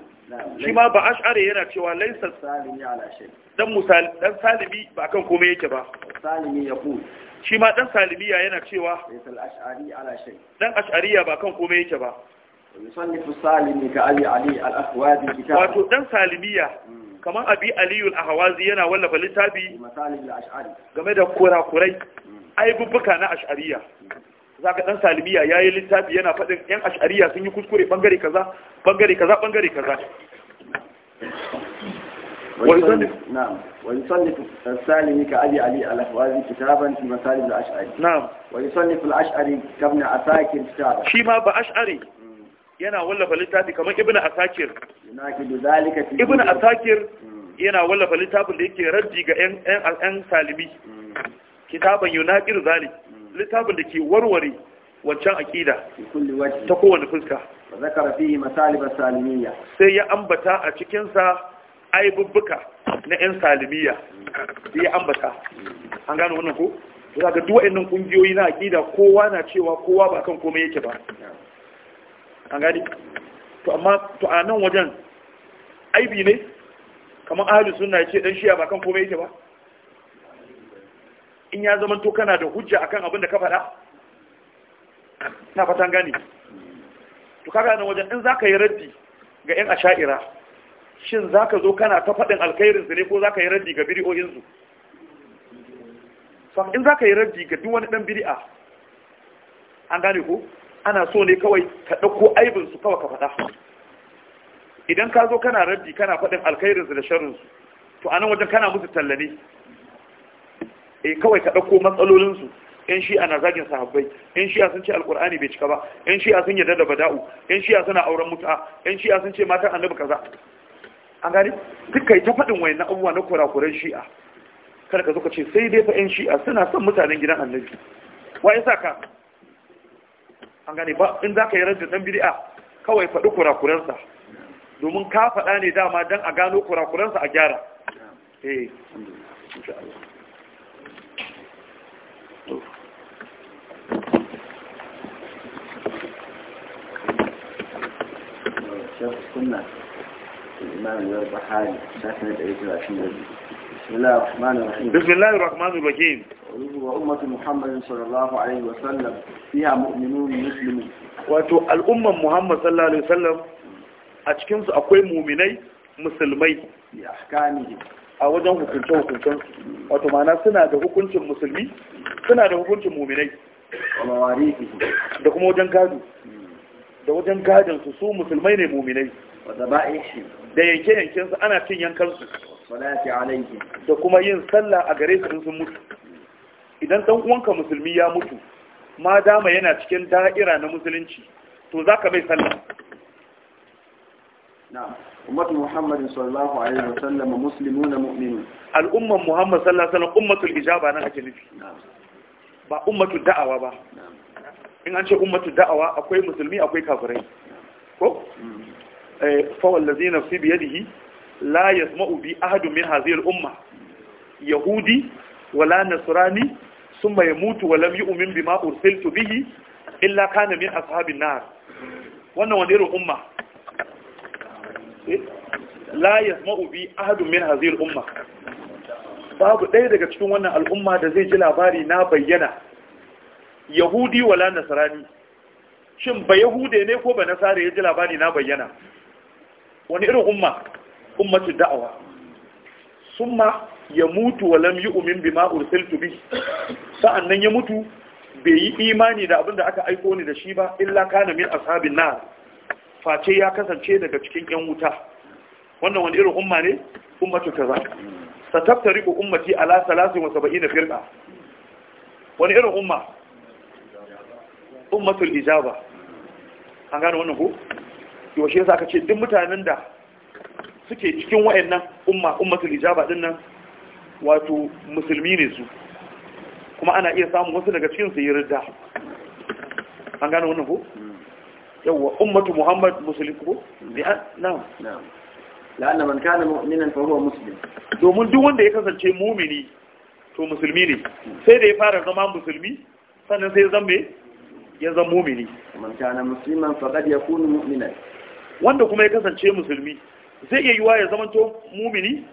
shi ma ba ash'ari yana cewa laysa salimi ala shay dan musal dan salimi ba kan komai yake ba salimi yaqul shi ma dan salimiya yana cewa laysa al ash'ari ala shay dan ash'ariya ba kan komai yake ba musannifu salimi ka abi ali wato dan salimiya kamar abi ahwazi yana wallafa littafi game da kurakurai Aibubbuka na ash'ariya zaka dan salimiya yayi littafi yana faɗin yan ash'ariya sun yi kuskure ɓangare kaza ɓangare kaza bangare kaza ويصنف السالمي كأبي علي الأخوازي كتابا في مسالم الأشعري نعم ويصنف الأشعري كابن عساكر كتابا شيما بأشعري yana wallafa littafi kamar ibn asakir ibn asakir hmm. yana wallafa littafin da yake raddi ga yan salimi hmm. kitaban yunaqir zalik hmm. littafin da ke warware wancan aƙida ta kowane fuska sai ya ambata a cikinsa aibubbuka na 'yan salimiyya sai ya ambata an gano wannan ko? zaka ga duwa innan ƙungiyoyi na aƙida kowa na cewa kowa ba kan komai yake ba an gani to amma to a nan wajen aibi ne kamar ahalin suna ce dan shiya ba kan komai yake ba in ya zama to kana da hujja akan abin da ka faɗa na fatan gani to kaga nan wajen in zaka yi raddi ga yan asha'ira shin zaka zo kana ta faɗin alkhairin su ne ko zaka yi raddi ga bid'o'in su fa in zaka yi raddi ga duk wani dan bid'a an gane ko ana so ne kawai ka ɗauko aibinsu kawai ka faɗa idan ka zo kana rabbi kana faɗin alkhairinsu da sharinsu, to a nan wajen kana musu tallane eh kawai ka ɗauko matsalolinsu yan shi'a na zagin sahabbai yan shi'a sun ce alkur'ani bai cika ba yan shi'a sun yarda da bada'u yan shi'a suna auren mutu'a yan shi'a sun ce matan annabi kaza an gani duk kai ta faɗin wayan abubuwa na kurakuran shi'a kada ka zo ka ce sai dai fa yan shi'a suna son mutanen gidan annabi wa ya ka an gane ba in za ka yi rajin ɗan bid'a kawai faɗi kurakurarsa domin ka faɗa ne dama don a gano kurakurarsa a gyara eh شيخ السنة الإمام البحاري شافنا الأيدي وعشان الأيدي بسم الله الرحمن الرحيم بسم وأمة محمد صلى الله عليه وسلم فيها مؤمنون مسلمون wato al'umman Muhammad sallallahu alaihi wasallam a cikin su akwai mu'minai musulmai a wajen hukunce hukuncen wato ma'ana suna da hukuncin musulmi suna da hukuncin mu'minai da kuma wajen gado da wajen gadon su su musulmai ne mu'minai da yanke yankensu ana cin yankansu da kuma yin sallah a gare su sun mutu idan dan uwanka musulmi ya mutu ma dama yana cikin da'ira na musulunci to zaka mai sallah na'am ummatu muhammadin sallallahu alaihi wasallam muslimuna mu'minun al'umman muhammad sallallahu alaihi wasallam ummatul ijaba nan ake nufi ba ummatul da'awa ba in an ce ummatul da'awa akwai musulmi akwai kafirai ko mm. eh fa wallazi nafsi bi yadihi la yasma'u bi ahadun min hadhihi umma yahudi wala nasrani thumma yamutu wa lam yu'min bima ursiltu bihi illa kana min ashabin nar wannan wani irin umma eh? la yasma'u bi ahadun min hadhihi umma babu ɗaya daga cikin wannan al'umma da zai ji labari na bayyana yahudi wala nasrani shin ba yahude ne ko ba nasara ya ji labari na bayyana wani irin umma ummatu da'awa summa ya mutu wa lam yu'min bima ursiltu bi sa'annan ya mutu bai yi imani da abinda aka aiko ni da shi ba illa kana min ashabin nar face ya kasance daga cikin yan wuta wannan wani irin umma ne ummatu kaza sataftariku ummati ala 73 firqa wani irin umma ummatul ijaba an gane wannan ko yaushe yasa aka ce duk mutanen da suke cikin wayannan umma ummatul ijaba din nan wato musulmi ne su kuma ana iya samun wasu daga cikin su yarda an gano wannan ko yawa ummatu muhammad musulmi ko na'am na'am la'anna man kana mu'minan fa huwa muslim domin duk wanda ya kasance mumini to musulmi ne sai da ya fara zama musulmi sannan sai ya zama ya zama mumini man kana musliman faqad yakunu mu'minan wanda kuma ya kasance musulmi zai iya yiwa ya zamanto mumini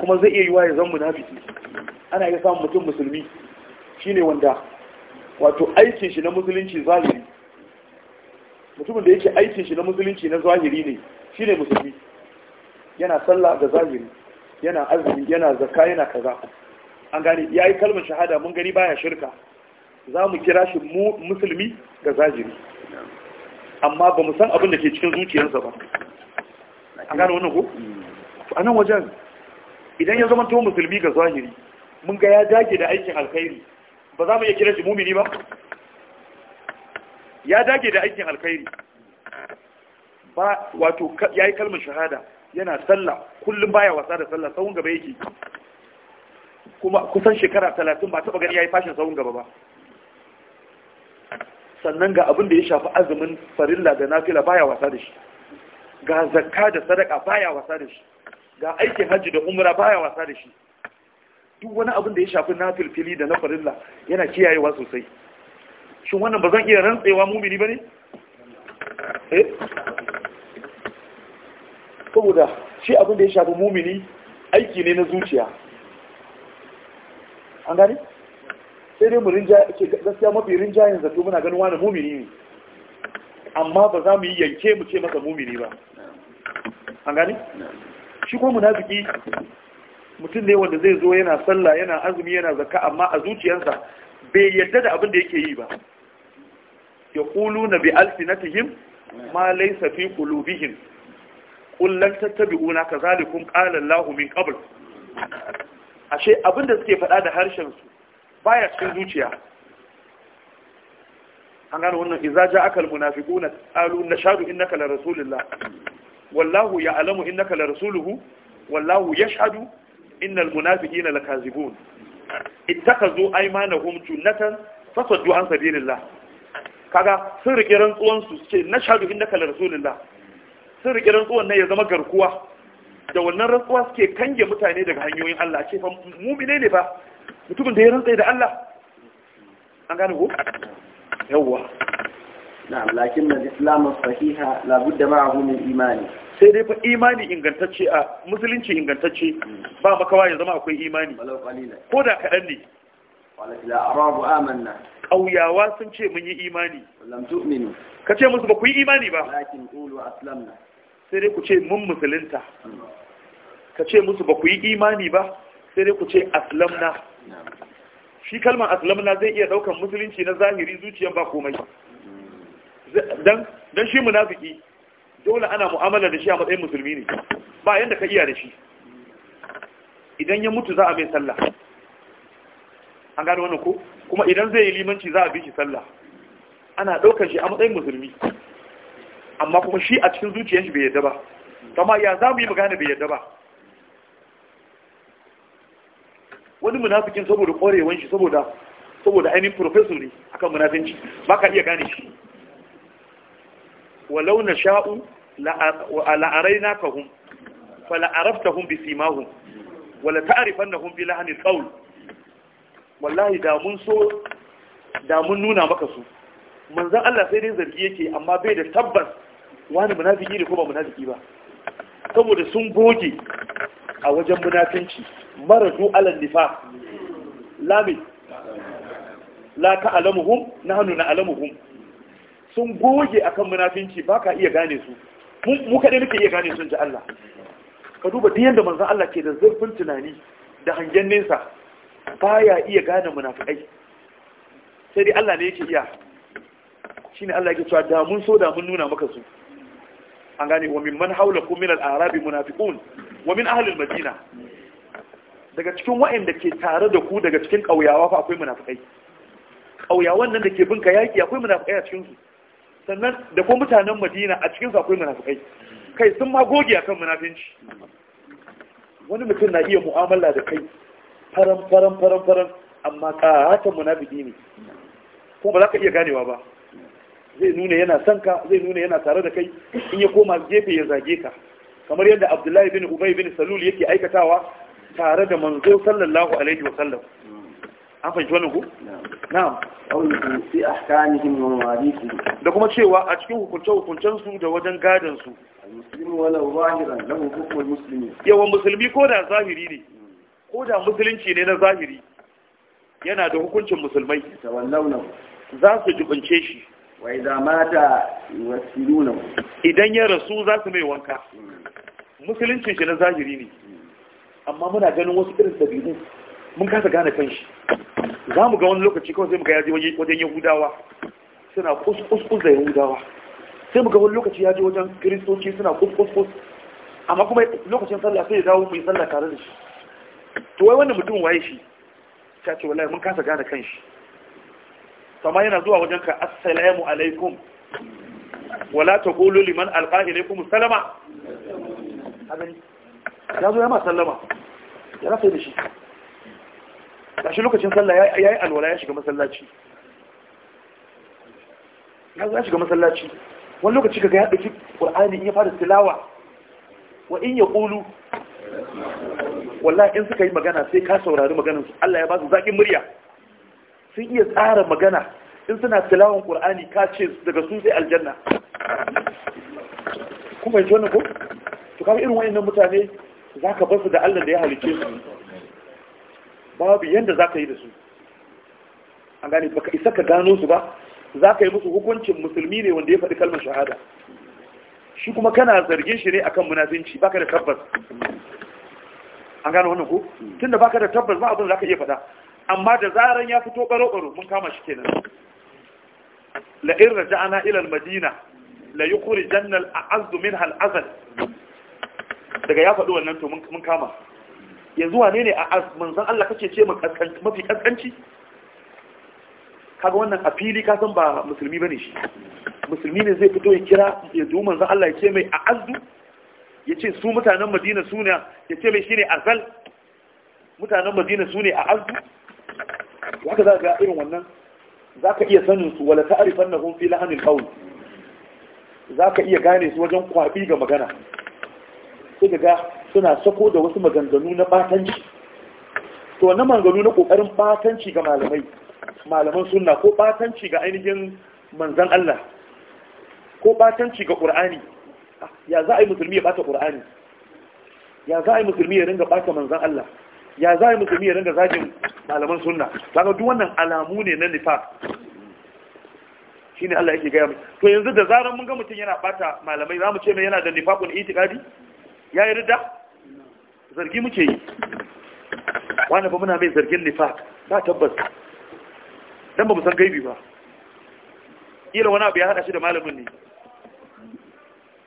kuma zai iya yiwa ya zama munafiki ana iya samun mutum musulmi shine wanda wato aikin shi na musulunci zahiri mutumin da yake aikin shi na musulunci na zahiri ne shine musulmi yana sallah da zahiri yana azumi yana zakka yana kaza an gane ya yi kalmar shahada mun gani baya shirka za mu kira shi musulmi da zahiri amma ba mu san abin da ke cikin zuciyarsa ba an gane wannan ko a nan wajen idan ya zama to musulmi ga zahiri mun ga ya dage da aikin alkhairi ba za mu iya kira shi mumini ba ya dage da aikin alkhairi ba wato ya yi kalmar shahada yana sallah kullum baya wasa da sallah tsawon gaba yake kuma kusan shekara talatin ba taɓa gani ya yi fashin tsawon gaba ba sannan ga abin da ya shafi azumin farilla da nafila baya wasa da shi ga zakka da sadaka baya wasa da shi ga aikin hajji da umra baya wasa da shi duk wani abin da ya shafi na filfili da na farilla yana kiyayewa sosai shin wannan ba zan iya rantsewa mumini ba ne? Eh? saboda shi abin da ya shafi mumini aiki ne na zuciya an gani? sai dai mu rinja gaskiya mafi rinjayen zato muna ganin wani mumini ne amma ba za mu yi yanke mu ce masa mumini ba an gani shi ko munafiki mutum ne wanda zai zo yana sallah yana azumi yana zakka amma a zuciyarsa bai yadda da abin da yake yi ba ya kulu na bi alfinatihim ma laysa fi qulubihim qul lan tattabi'una kadhalikum qala Allahu min qabl ashe abin da suke faɗa da harshen su baya cikin zuciya an gano wannan idza ja'aka almunafiquna qalu nashhadu innaka la rasulullah wallahu ya'lamu innaka la rasuluhu wallahu yashhadu innal munafiqina lakazibun ittakazu aymanahum junnatan fasaddu an sabilillah kaga sun rike rantsuwan su ce nashhadu innaka la rasulullah sun rike rantsuwan nan ya zama garkuwa da wannan rantsuwa suke kange mutane daga hanyoyin Allah ce fa mu'mine ne fa mutumin da ya rantsa da Allah an gano ko yawwa na'am lakin na islamu sahiha budda ma'ahu min imani sai dai fa imani ingantacce a musulunci ingantacce ba makawa ya zama akwai imani ko da kaɗan ne ƙauyawa sun ce mun yi imani ka ce musu ba ku yi imani ba sai dai ku ce mun musulunta ka ce musu ba ku yi imani ba sai dai ku ce aslamna shi kalmar aslamna zai iya daukan musulunci na zahiri zuciyan ba komai dan dan shi munafiki dole ana mu'amala da shi a matsayin musulmi ne ba yanda ka iya da shi idan ya mutu za a bai sallah an gano wannan ko kuma idan zai yi limanci za a bi shi sallah ana daukar shi a matsayin musulmi amma kuma shi a cikin zuciyar shi bai yadda ba kuma ya za mu yi magana bai yadda ba wani munafikin saboda korewan shi saboda saboda ainihin professor ne akan munafinci ba ka iya gane shi walau na sha'u la'arai na kahun fala'araftahun bi hun wala ta'arifan na hun bi lahani tsawul wallahi da mun so damun nuna maka su manzan Allah sai dai zargi yake amma bai da tabbas wani munafiki ne ko ba munafiki ba saboda sun goge a wajen munafinci maradu alal nifa lami la ta'lamuhum nahnu na'lamuhum sun goge akan munafinci baka iya gane su mu kaɗai muke iya gane sun ji Allah ka duba duk yadda manzon Allah ke da zurfin tunani da hangen nesa baya iya gane munafikai sai dai Allah ne yake iya shine Allah yake cewa da mun so da mun nuna maka su an gane wa mimman haulakum min al-arabi munafiqun wa min ahli al-madina daga cikin wa'anda ke tare da ku daga cikin ƙauyawa fa akwai munafikai kauyawan nan da ke bin ka yaki akwai munafikai a cikin su sannan da ko mutanen Madina a cikin su akwai munafikai kai sun ma goge akan munafinci wani mutum na iya mu'amala da kai faran faran faran faran amma ƙaratan munafiki ne ko ba za ka iya ganewa ba zai nuna yana son ka zai nuna yana tare da kai in ya koma gefe ya zage ka kamar yadda abdullahi bin ubay bin salul yake aikatawa tare da manzo sallallahu alaihi wa sallam an fahimci wannan ku na'am fi ahkamihim wa mawarithihim da kuma cewa a cikin hukunce hukuncen su da wajen gadan su wala zahiran lahu yawa musulmi ko da zahiri ne ko da musulunci ne na zahiri yana da hukuncin musulmai za su jibince shi wa idza mata yuwassiluna idan ya rasu za su mai wanka Musulunci shi na zahiri ne amma muna ganin wasu irin dabi'u mun kasa gane kanshi za mu ga wani lokaci kawai sai muka yaje wajen yahudawa suna kuskus da yahudawa sai muka wani lokaci yaji wajen kiristoci suna kuskus amma kuma lokacin sallah sai ya dawo mu sallah tare da shi to wai wannan mutum waye shi ta ce wallahi mun kasa gane kanshi sama yana zuwa wajen ka assalamu alaikum wala ta kulu liman alqa ilaikum salama ya zo ya ma sallama ya rafe da shi a shi lokacin sallah ya yi alwala ya shiga masallaci ya zo ya shiga masallaci wani lokaci kaga ya ɗauki ƙur'ani in ya fara tilawa wa in ya ƙulu wallahi in suka yi magana sai ka saurari maganansu Allah ya ba su zaƙin murya sun iya tsara magana in suna tilawan ƙur'ani ka ce daga sun sai aljanna kuma ji wannan ko to kama irin wayannan mutane za ka su da Allah da ya halice su babu yadda za ka yi da su an gane baka isa ka gano su ba Za ka yi musu hukuncin musulmi ne wanda ya faɗi kalmar shahada shi kuma kana zarge shi ne akan munafinci baka da tabbas an gano wannan ko tunda baka da tabbas ba abin ka iya faɗa amma da zaran ya fito baro-baro mun kama shi kenan la'in raja'ana ilal madina la yi kuri jannal a azumin hal'azal daga ya faɗi wannan to mun kama yanzu wane ne a manzan Allah kake ce ce mafi kaskanci kaga wannan a fili ka san ba musulmi bane shi musulmi ne zai fito ya kira ya zo manzan Allah ya ce mai a azu ya ce su mutanen madina suna ya ce mai shine azal mutanen madina su ne a azu haka za ga irin wannan za ka iya sanin su wala ta'arifan na fi lahanin qawl za ka iya gane su wajen kwaɓi ga magana sai ga suna sako da wasu maganganu na batanci to wannan maganganu na kokarin batanci ga malamai malaman suna, ko batanci ga ainihin manzan Allah ko batanci ga ƙur'ani, ya za a yi musulmi ya bata ƙur'ani? ya za a yi musulmi ya ringa bata manzan Allah ya za yi musulmi ya ringa zagin malaman sunna kaga duk wannan alamu ne na Shi shine Allah yake gaya to yanzu da zaran mun ga mutum yana bata malamai za mu ce mai yana da nifaqul itiqadi yi ridda zargi muke yi wani ba muna mai zargin nifaq ba tabbas dan ba mu san gaibi ba kila wani abu ya hada shi da malamin ne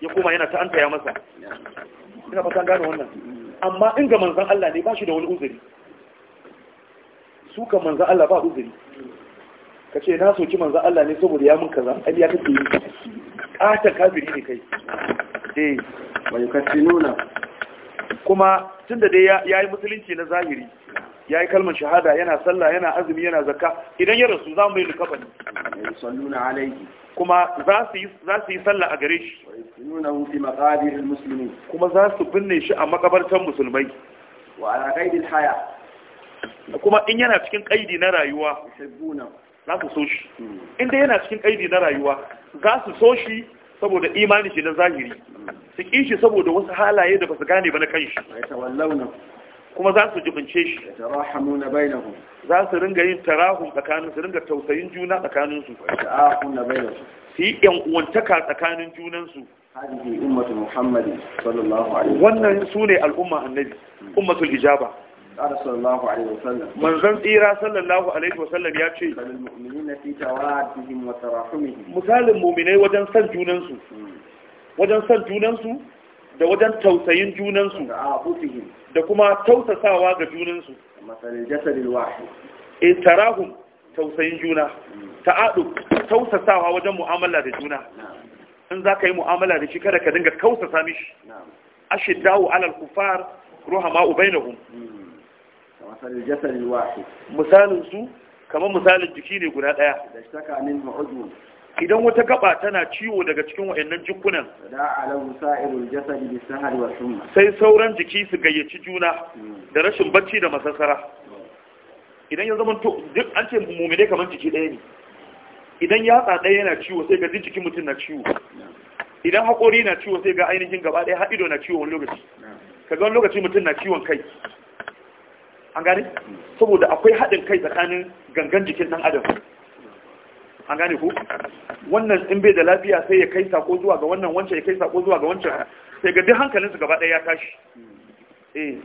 ya koma yana ta'anta ya masa ina san gano wannan amma in ga manzan Allah ne ba shi da wani uzuri su ka manzan Allah ba uzuri ka ce na soki manzan Allah ne saboda ya mun kaza ai ya kake yi kata kafiri ne kai eh bai kace nuna kuma tunda dai ya yi musulunci na zahiri ya yi kalmar shahada yana sallah yana azumi yana zakka idan ya rasu za mu yi likafani kuma za su yi sallah a gare shi kuma za su binne shi a makabartan musulmai kuma in yana cikin kaidi na rayuwa za su so shi hmm. inda yana cikin kaidi na rayuwa za su so shi saboda imani shi na zahiri hmm. su ƙi shi saboda wasu halaye da ba su gane ba na kan shi kuma za su jibince shi za su ringa yin tarahum tsakanin su ringa tausayin juna tsakanin su ta'ahuna su yi yan uwantaka tsakanin junan su hadihi ummatu muhammadin wannan sune al'umma annabi ummatul ijaba manzan tsira sallallahu alaihi wasallam ya ce misalin muminai wajen san junansu hmm. wajen san junansu da wajen tausayin junansu da kuma tausasawa ga junansu in eh, tarahum tausayin juna Ta adu tausasawa wajen mu'amala da juna in za ka yi mu'amala da shi kada ka dinga tausasa mishi ashe dawo alal kufar ruha ma hmm. masalin na misalin su kamar misalin jiki ne guda daya idan wata gaba tana ciwo daga cikin wa'annan jikunan sai sauran jiki su gayyaci juna da rashin bacci da masasara idan ya zama to duk an ce mummune kamar jiki ɗaya ne idan yatsa ɗaya yana ciwo sai ga duk jikin mutum na ciwo idan haƙori na ciwo sai ga ainihin gaba ɗaya haɗido na ciwo wani lokaci ka ga wani lokaci mutum na ciwon kai an gane saboda akwai haɗin kai tsakanin gangan jikin ɗan adam an gane ku wannan in bai da lafiya sai ya kai sako zuwa ga wannan wancan ya kai sako zuwa ga wancan sai ga duk hankalinsu gaba ɗaya ya tashi eh.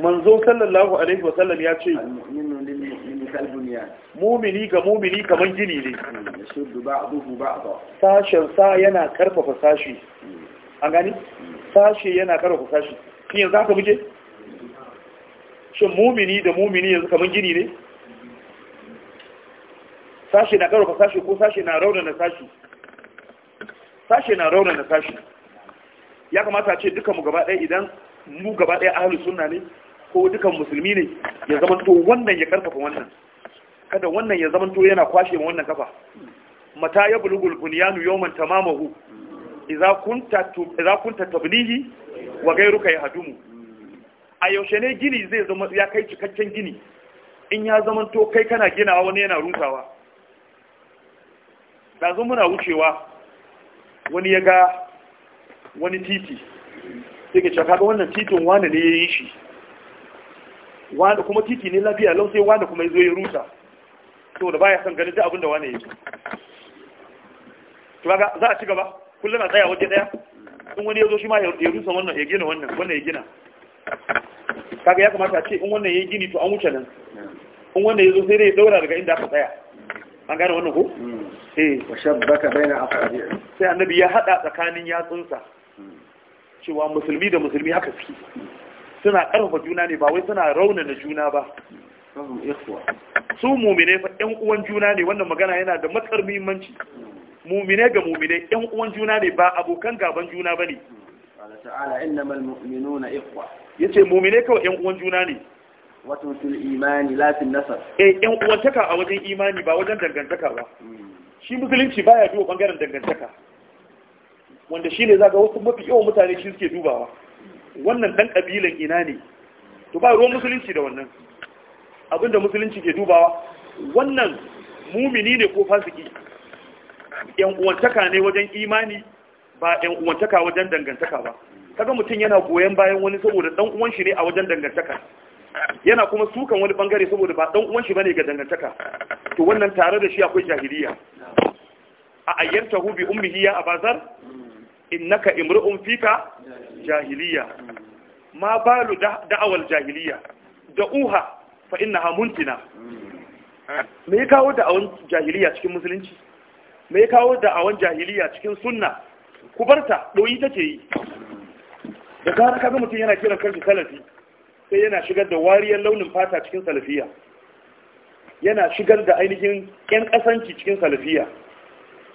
manzo sallallahu alaihi wasallam ya ce mu'mini ga mu'mini kamar gini ne hmm, Sashen sa yana karfafa sashi an gani hmm. sashi yana karfafa sashi shin yanzu haka muke shi mu'mini da mu'mini yanzu kamar gini ne sashi na ƙarfafa sashi ko sashi na raunana sashi sashi na raunana sashi ya kamata ce dukan mu gaba ɗaya idan mu gaba ɗaya ahlus sunna ne ko dukan musulmi ne ya zama to wannan ya karfafa wannan kada wannan ya zama to yana kwashe ma wannan kafa mata ya bulugul bunyanu yawman tamamahu idza kunta idza kunta tabnihi wa ghayruka yahdumu a yaushe ne gini zai zama ya kai cikakken gini in ya zama to kai kana ginawa wani yana rusawa ɗazu muna wucewa wani ya ga wani titi sai ke ga wannan titin wani ne ya yi shi wani kuma titi ne lafiya lau sai wani kuma ya zo ya rusa da baya son ganin duk abin da wani ya yi kaga za a ci gaba kullum a tsaya waje daya in wani ya zo shi ma ya rusa wannan ya gina wannan wannan ya gina kaga ya kamata a ce in wannan ya yi gini to an wuce nan in wannan ya zo sai dai ya daura daga inda aka tsaya an gane wannan ko hmm. Eh, wa shabbaka baina asabi'i sai annabi ya hada tsakanin yatsunsa cewa musulmi da musulmi haka suke suna karfafa juna ne ba wai suna raunana juna ba su mumine fa ƴan uwan juna ne wannan magana yana da matsar muhimmanci mumine ga mumine yan uwan juna ne ba abokan gaban juna bane Allah ta'ala innamal mu'minuna ikhwa yace mumine kawai yan uwan juna ne wato fil imani la fil nasab eh uwan taka a wajen imani ba wajen dangantaka ba hmm. shi musulunci baya duba bangaren dangantaka wanda shi ne zaga wasu mafi yawan mutane shi suke dubawa wannan dan kabilan ina ne to ba ruwan musulunci da wannan abinda musulunci ke dubawa wannan mumini ne ko fasiki yan uwantaka ne wajen imani ba yan uwantaka wajen dangantaka ba kaga mutum yana goyon bayan wani saboda dan uwan shi ne a wajen dangantaka yana kuma sukan wani bangare saboda ba dan uwan shi bane ga dangantaka to wannan tare da shi akwai jahiliya a ayyanta hu bi ummihi ya abazar innaka imru'un fika jahiliya ma balu da'awal jahiliya da uha fa innaha muntina me ya kawo da awan jahiliya cikin musulunci me ya kawo da awan jahiliya cikin sunna ku barta doyi take yi da gara kaga mutum yana kiran kanshi salafi sai yana shigar da wariyar launin fata cikin salafiya yana shigar da ainihin 'yan kasanci cikin salafiya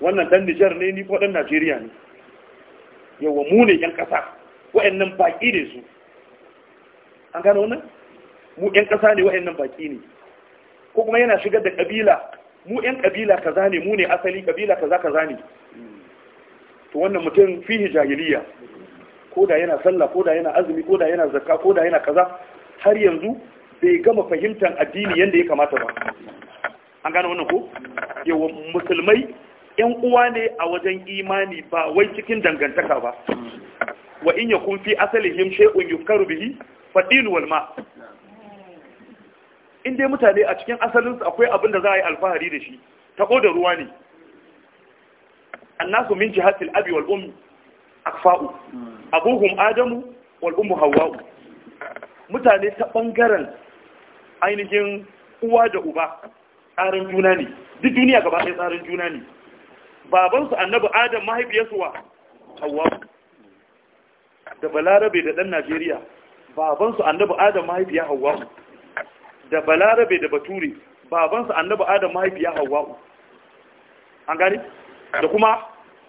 wannan dan nijar ne ni ko dan najeriya ne yawa mu ne 'yan kasa nan baki ne su an gano wannan mu 'yan kasa ne nan baki ne ko kuma yana shigar da kabila mu 'yan kabila kaza ne mu ne asali kabila kaza kaza ne to wannan mutum fihi jahiliya Koda yana sallah ko yana azumi ko da yana zakka ko da yana kaza har yanzu bai gama fahimtar addini yadda ya kamata ba an gane wannan ko yawa musulmai yan uwa ne a wajen imani ba wai cikin dangantaka ba wa in ya kun fi yin shay'un yukaru bihi fadin wal ma in dai mutane a cikin asalin akwai abin da za a yi alfahari da shi tako da ruwa ne annasu min jihatil abi wal ummi akfa'u abuhum adamu wal ummu mutane ta bangaren ainihin uwa da uba tsarin juna ne duk duniya gaba ɗaya tsarin juna ne babansu annabi adam mahaifiyarsu wa hawwa'u da balarabe da ɗan najeriya babansu annabi adam mahaifiya hawwa'u da balarabe da bature babansu annabi adam mahaifiya hawwa'u an gani da kuma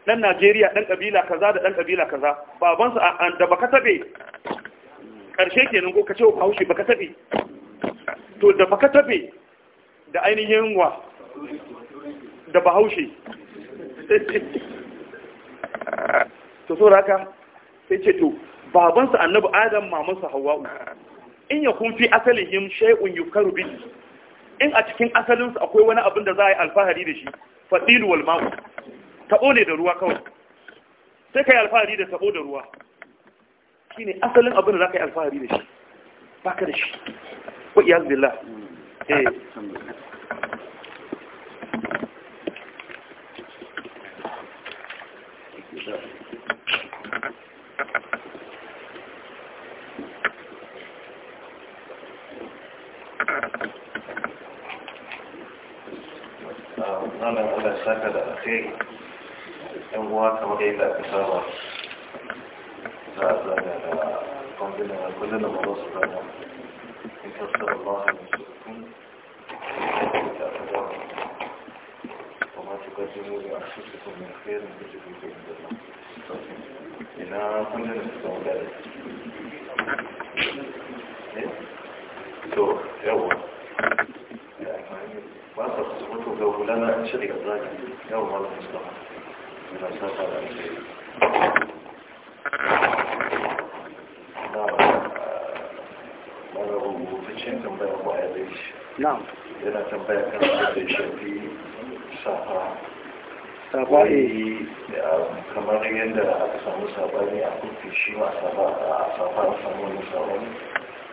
dan Najeriya dan kabila kaza da dan kabila kaza baban su da baka tabe karshe kenan ko kace ba haushi baka tabe to da baka tabe da ainihin wa da bahaushe to so raka sai ce to baban su annabi adam maman sa hawwa'u in ya kun fi asalihim shay'un yukaru bihi in a cikin asalinsu akwai wani abin da za a yi alfahari da shi fadilu wal ma'u tabo ne da ruwa kawai sai ka yi alfahari da tabo da ruwa shi ne asalin abin da za ka yi alfahari da shi ba ka da shi ko iya zila eh. Malam Allah saka أموات وإلى أكثرات فأزل قبلنا كلنا مرسى الله شاء الله من شركم وما تقدموا لأخشفكم من خير من تجربة عند الله إنا كلنا مستوى يوم إيه؟ ما تصبحوا لو لنا شريك الله يوم الله مستوى na'am yana tambaya kan da shafi safa safa eh um, kamar yadda aka samu sabani a kurfi shi ma safa a safa a samu wani sabani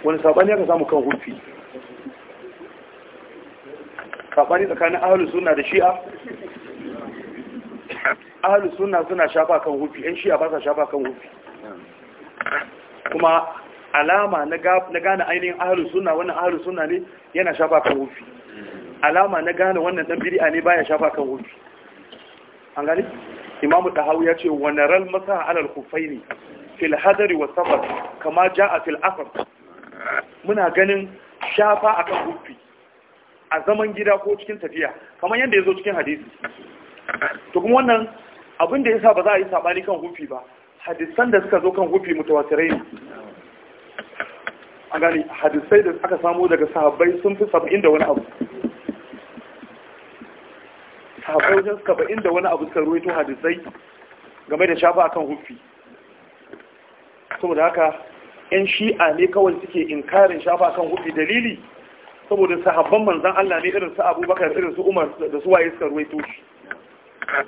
wani sabani aka samu kan kurfi sabani tsakanin ahalus suna da shi'a ahalus suna suna shafa kan hufi yan shi'a ba sa shafa kan hufi kuma alama na gane ainihin ahalus suna wannan ahalus suna ne yana shafa kan hufi alama na gane wannan dan bid'a ne baya shafa kan hufi an gani imamu dahawu ya ce wa naral masa alal khuffaini fil hadari wa safar kama jaa fil asr muna ganin shafa akan hufi a zaman gida ko cikin tafiya kamar yadda ya zo cikin hadisi to kuma wannan abin da yasa ba za a yi sabani kan hufi ba hadisan da suka zo kan hufi mutawatirai ne a gani hadisai da aka samu daga sahabbai sun fi saba'in da wani abu sahabbai wajen saba'in da wani abu suka ruwaito hadisai game da shafa akan hufi saboda haka yan shi'a ne kawai suke inkarin shafa akan hufi dalili saboda sahabban manzan Allah ne irin su abubakar irin su umar da su waye suka ruwaito shi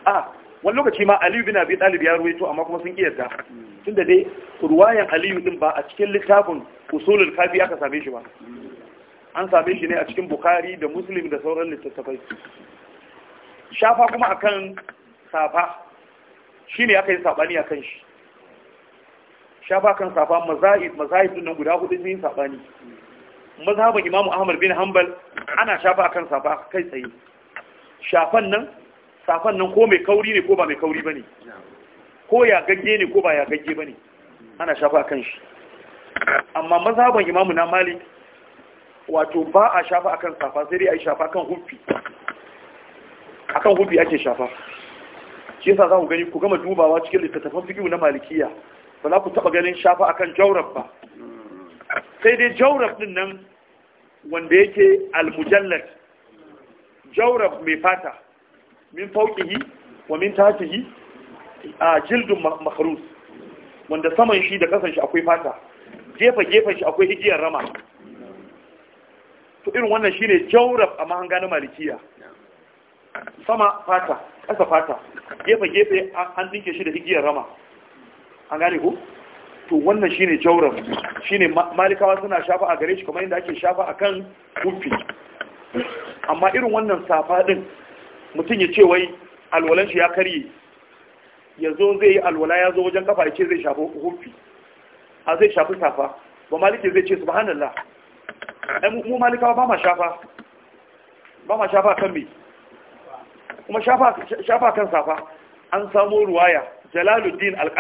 a wani lokaci ma aliyu bin abi talib ya ruwaito amma kuma sun kiyarta tunda dai ruwayan aliyu din ba a cikin littafin usulul kafi aka same shi ba an same shi ne a cikin Bukhari da muslim da sauran littattafai shafa kuma akan safa shine aka yi sabani akan shi shafa kan safa mazahib mazahib din nan guda hudu ne sabani mazhabin imamu ahmad bin hanbal ana shafa akan safa kai tsaye shafan nan safan nan ko mai kauri ne ko ba mai kauri ba ne ko ya gagge ne ko ba ya gagge ba ne ana shafa kan shi amma mazhaban imamu na malik wato ba a shafa akan safa sai dai a yi shafa kan hufi akan hufi ake shafa shi yasa za ku gani ku gama dubawa cikin littattafan fikiyu na malikiya ba za ku taba ganin shafa akan jaurab ba sai dai jaurab din nan wanda yake almujallad jaurab mai fata min fauqihi wa min tahtihi a jildun makarus. wanda saman shi da kasan shi akwai fata gefa gefen shi akwai hijiyar rama to irin wannan shine jawrab a mahangana malikiya sama fata ƙasa fata gefe gefe an dinke shi da hijiyar rama an gane ko to wannan shine jawrab shine malikawa suna shafa a gare shi kamar yadda ake shafa akan kufi amma irin wannan safa din mutum ya ce wai alwalan shi ya karye ya zo zai yi alwala ya zo wajen kafa ya ce zai shafi hufi a zai shafi safa ba malike zai ce subhanallah ai mu malikawa ba ma shafa ba ma shafa kan me kuma shafa kan safa an samo ruwaya jalaluddin al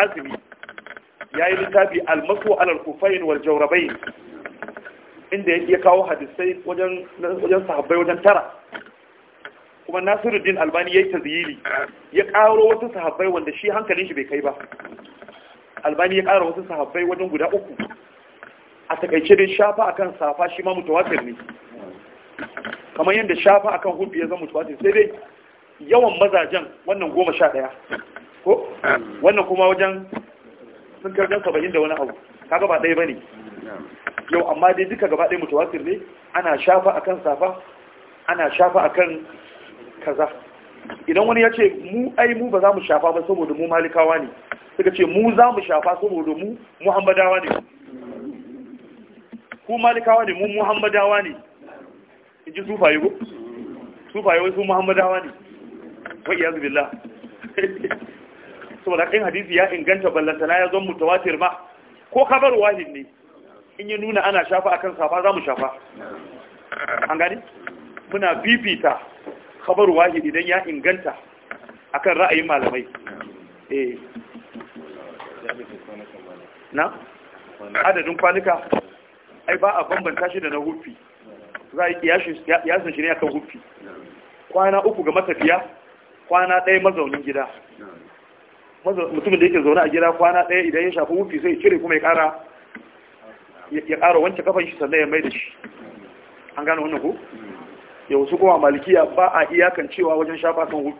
Ya yi littafi almasu maswu al wal jaurabai inda ya kawo hadisai wajen wajen sahabbai wajen tara kuma nasiruddin albani ya yi ta ziyili ya ƙaro wasu sahabbai wanda shi hankalin shi bai kai ba albani ya ƙara wasu sahabbai wajen guda uku a takaice dai shafa akan safa shi ma mutawatir ne kamar yadda shafa akan hudu ya zama mutawatir sai dai yawan mazajen wannan goma sha ɗaya ko wannan kuma wajen sun karɗar saba'in da wani abu Ka gaba ɗaya ba ne yau amma dai duka gaba ɗaya mutawatir ne ana shafa akan safa ana shafa akan kaza idan wani ya ce mu ai mu ba za mu shafa ba saboda mu malikawa ne suka ce mu za mu shafa saboda mu muhammadawa ne ku malikawa ne mu muhammadawa ne in ji sufaye ko sufaye wai su muhammadawa ne wai ya zubilla *laughs* saboda kan hadisi ya inganta ballantana ya zon mutawatir ma ko kabar wahid ne in yi nuna ana shafa akan safa za mu shafa an gani muna bibita kabar wahid idan ya inganta akan ra'ayin malamai eh na adadin kwanuka ai ba a bambanta shi da na hufi za a yi san shi ne akan hufi kwana uku ga matafiya kwana ɗaya mazaunin gida mutumin da yake zaune a gida kwana ɗaya idan ya shafi hufi sai cire kuma ya ƙara ya ƙara wancan kafan shi sannan ya mai da shi an gane wannan ku yanzu kuma malikiya ba a iyakan cewa wajen shafa kan hutu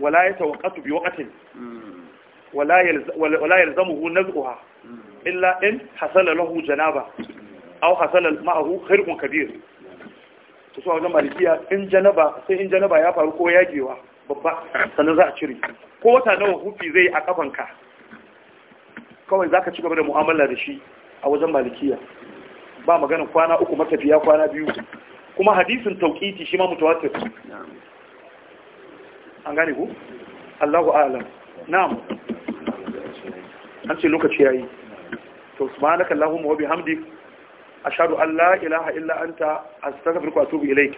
wala ya tawakatu bi waqatin wala yalzamuhu naz'uha illa in hasala lahu janaba aw hasala ma'ahu khirqun kabir to so wajen malikiya in janaba sai in janaba ya faru ko yagewa babba sannan za a cire ko wata nawa hufi zai a kafanka kawai zaka ci gaba da mu'amala da shi a wajen malikiya ba maganin kwana uku matafiya kwana biyu kuma hadisin tauƙiti shi ma mutawatir an gane ku? Allahu alam na'am an ce lokaci yayi to subhanaka allahumma wa bihamdik ashhadu an la ilaha illa anta astaghfiruka wa atubu ilayk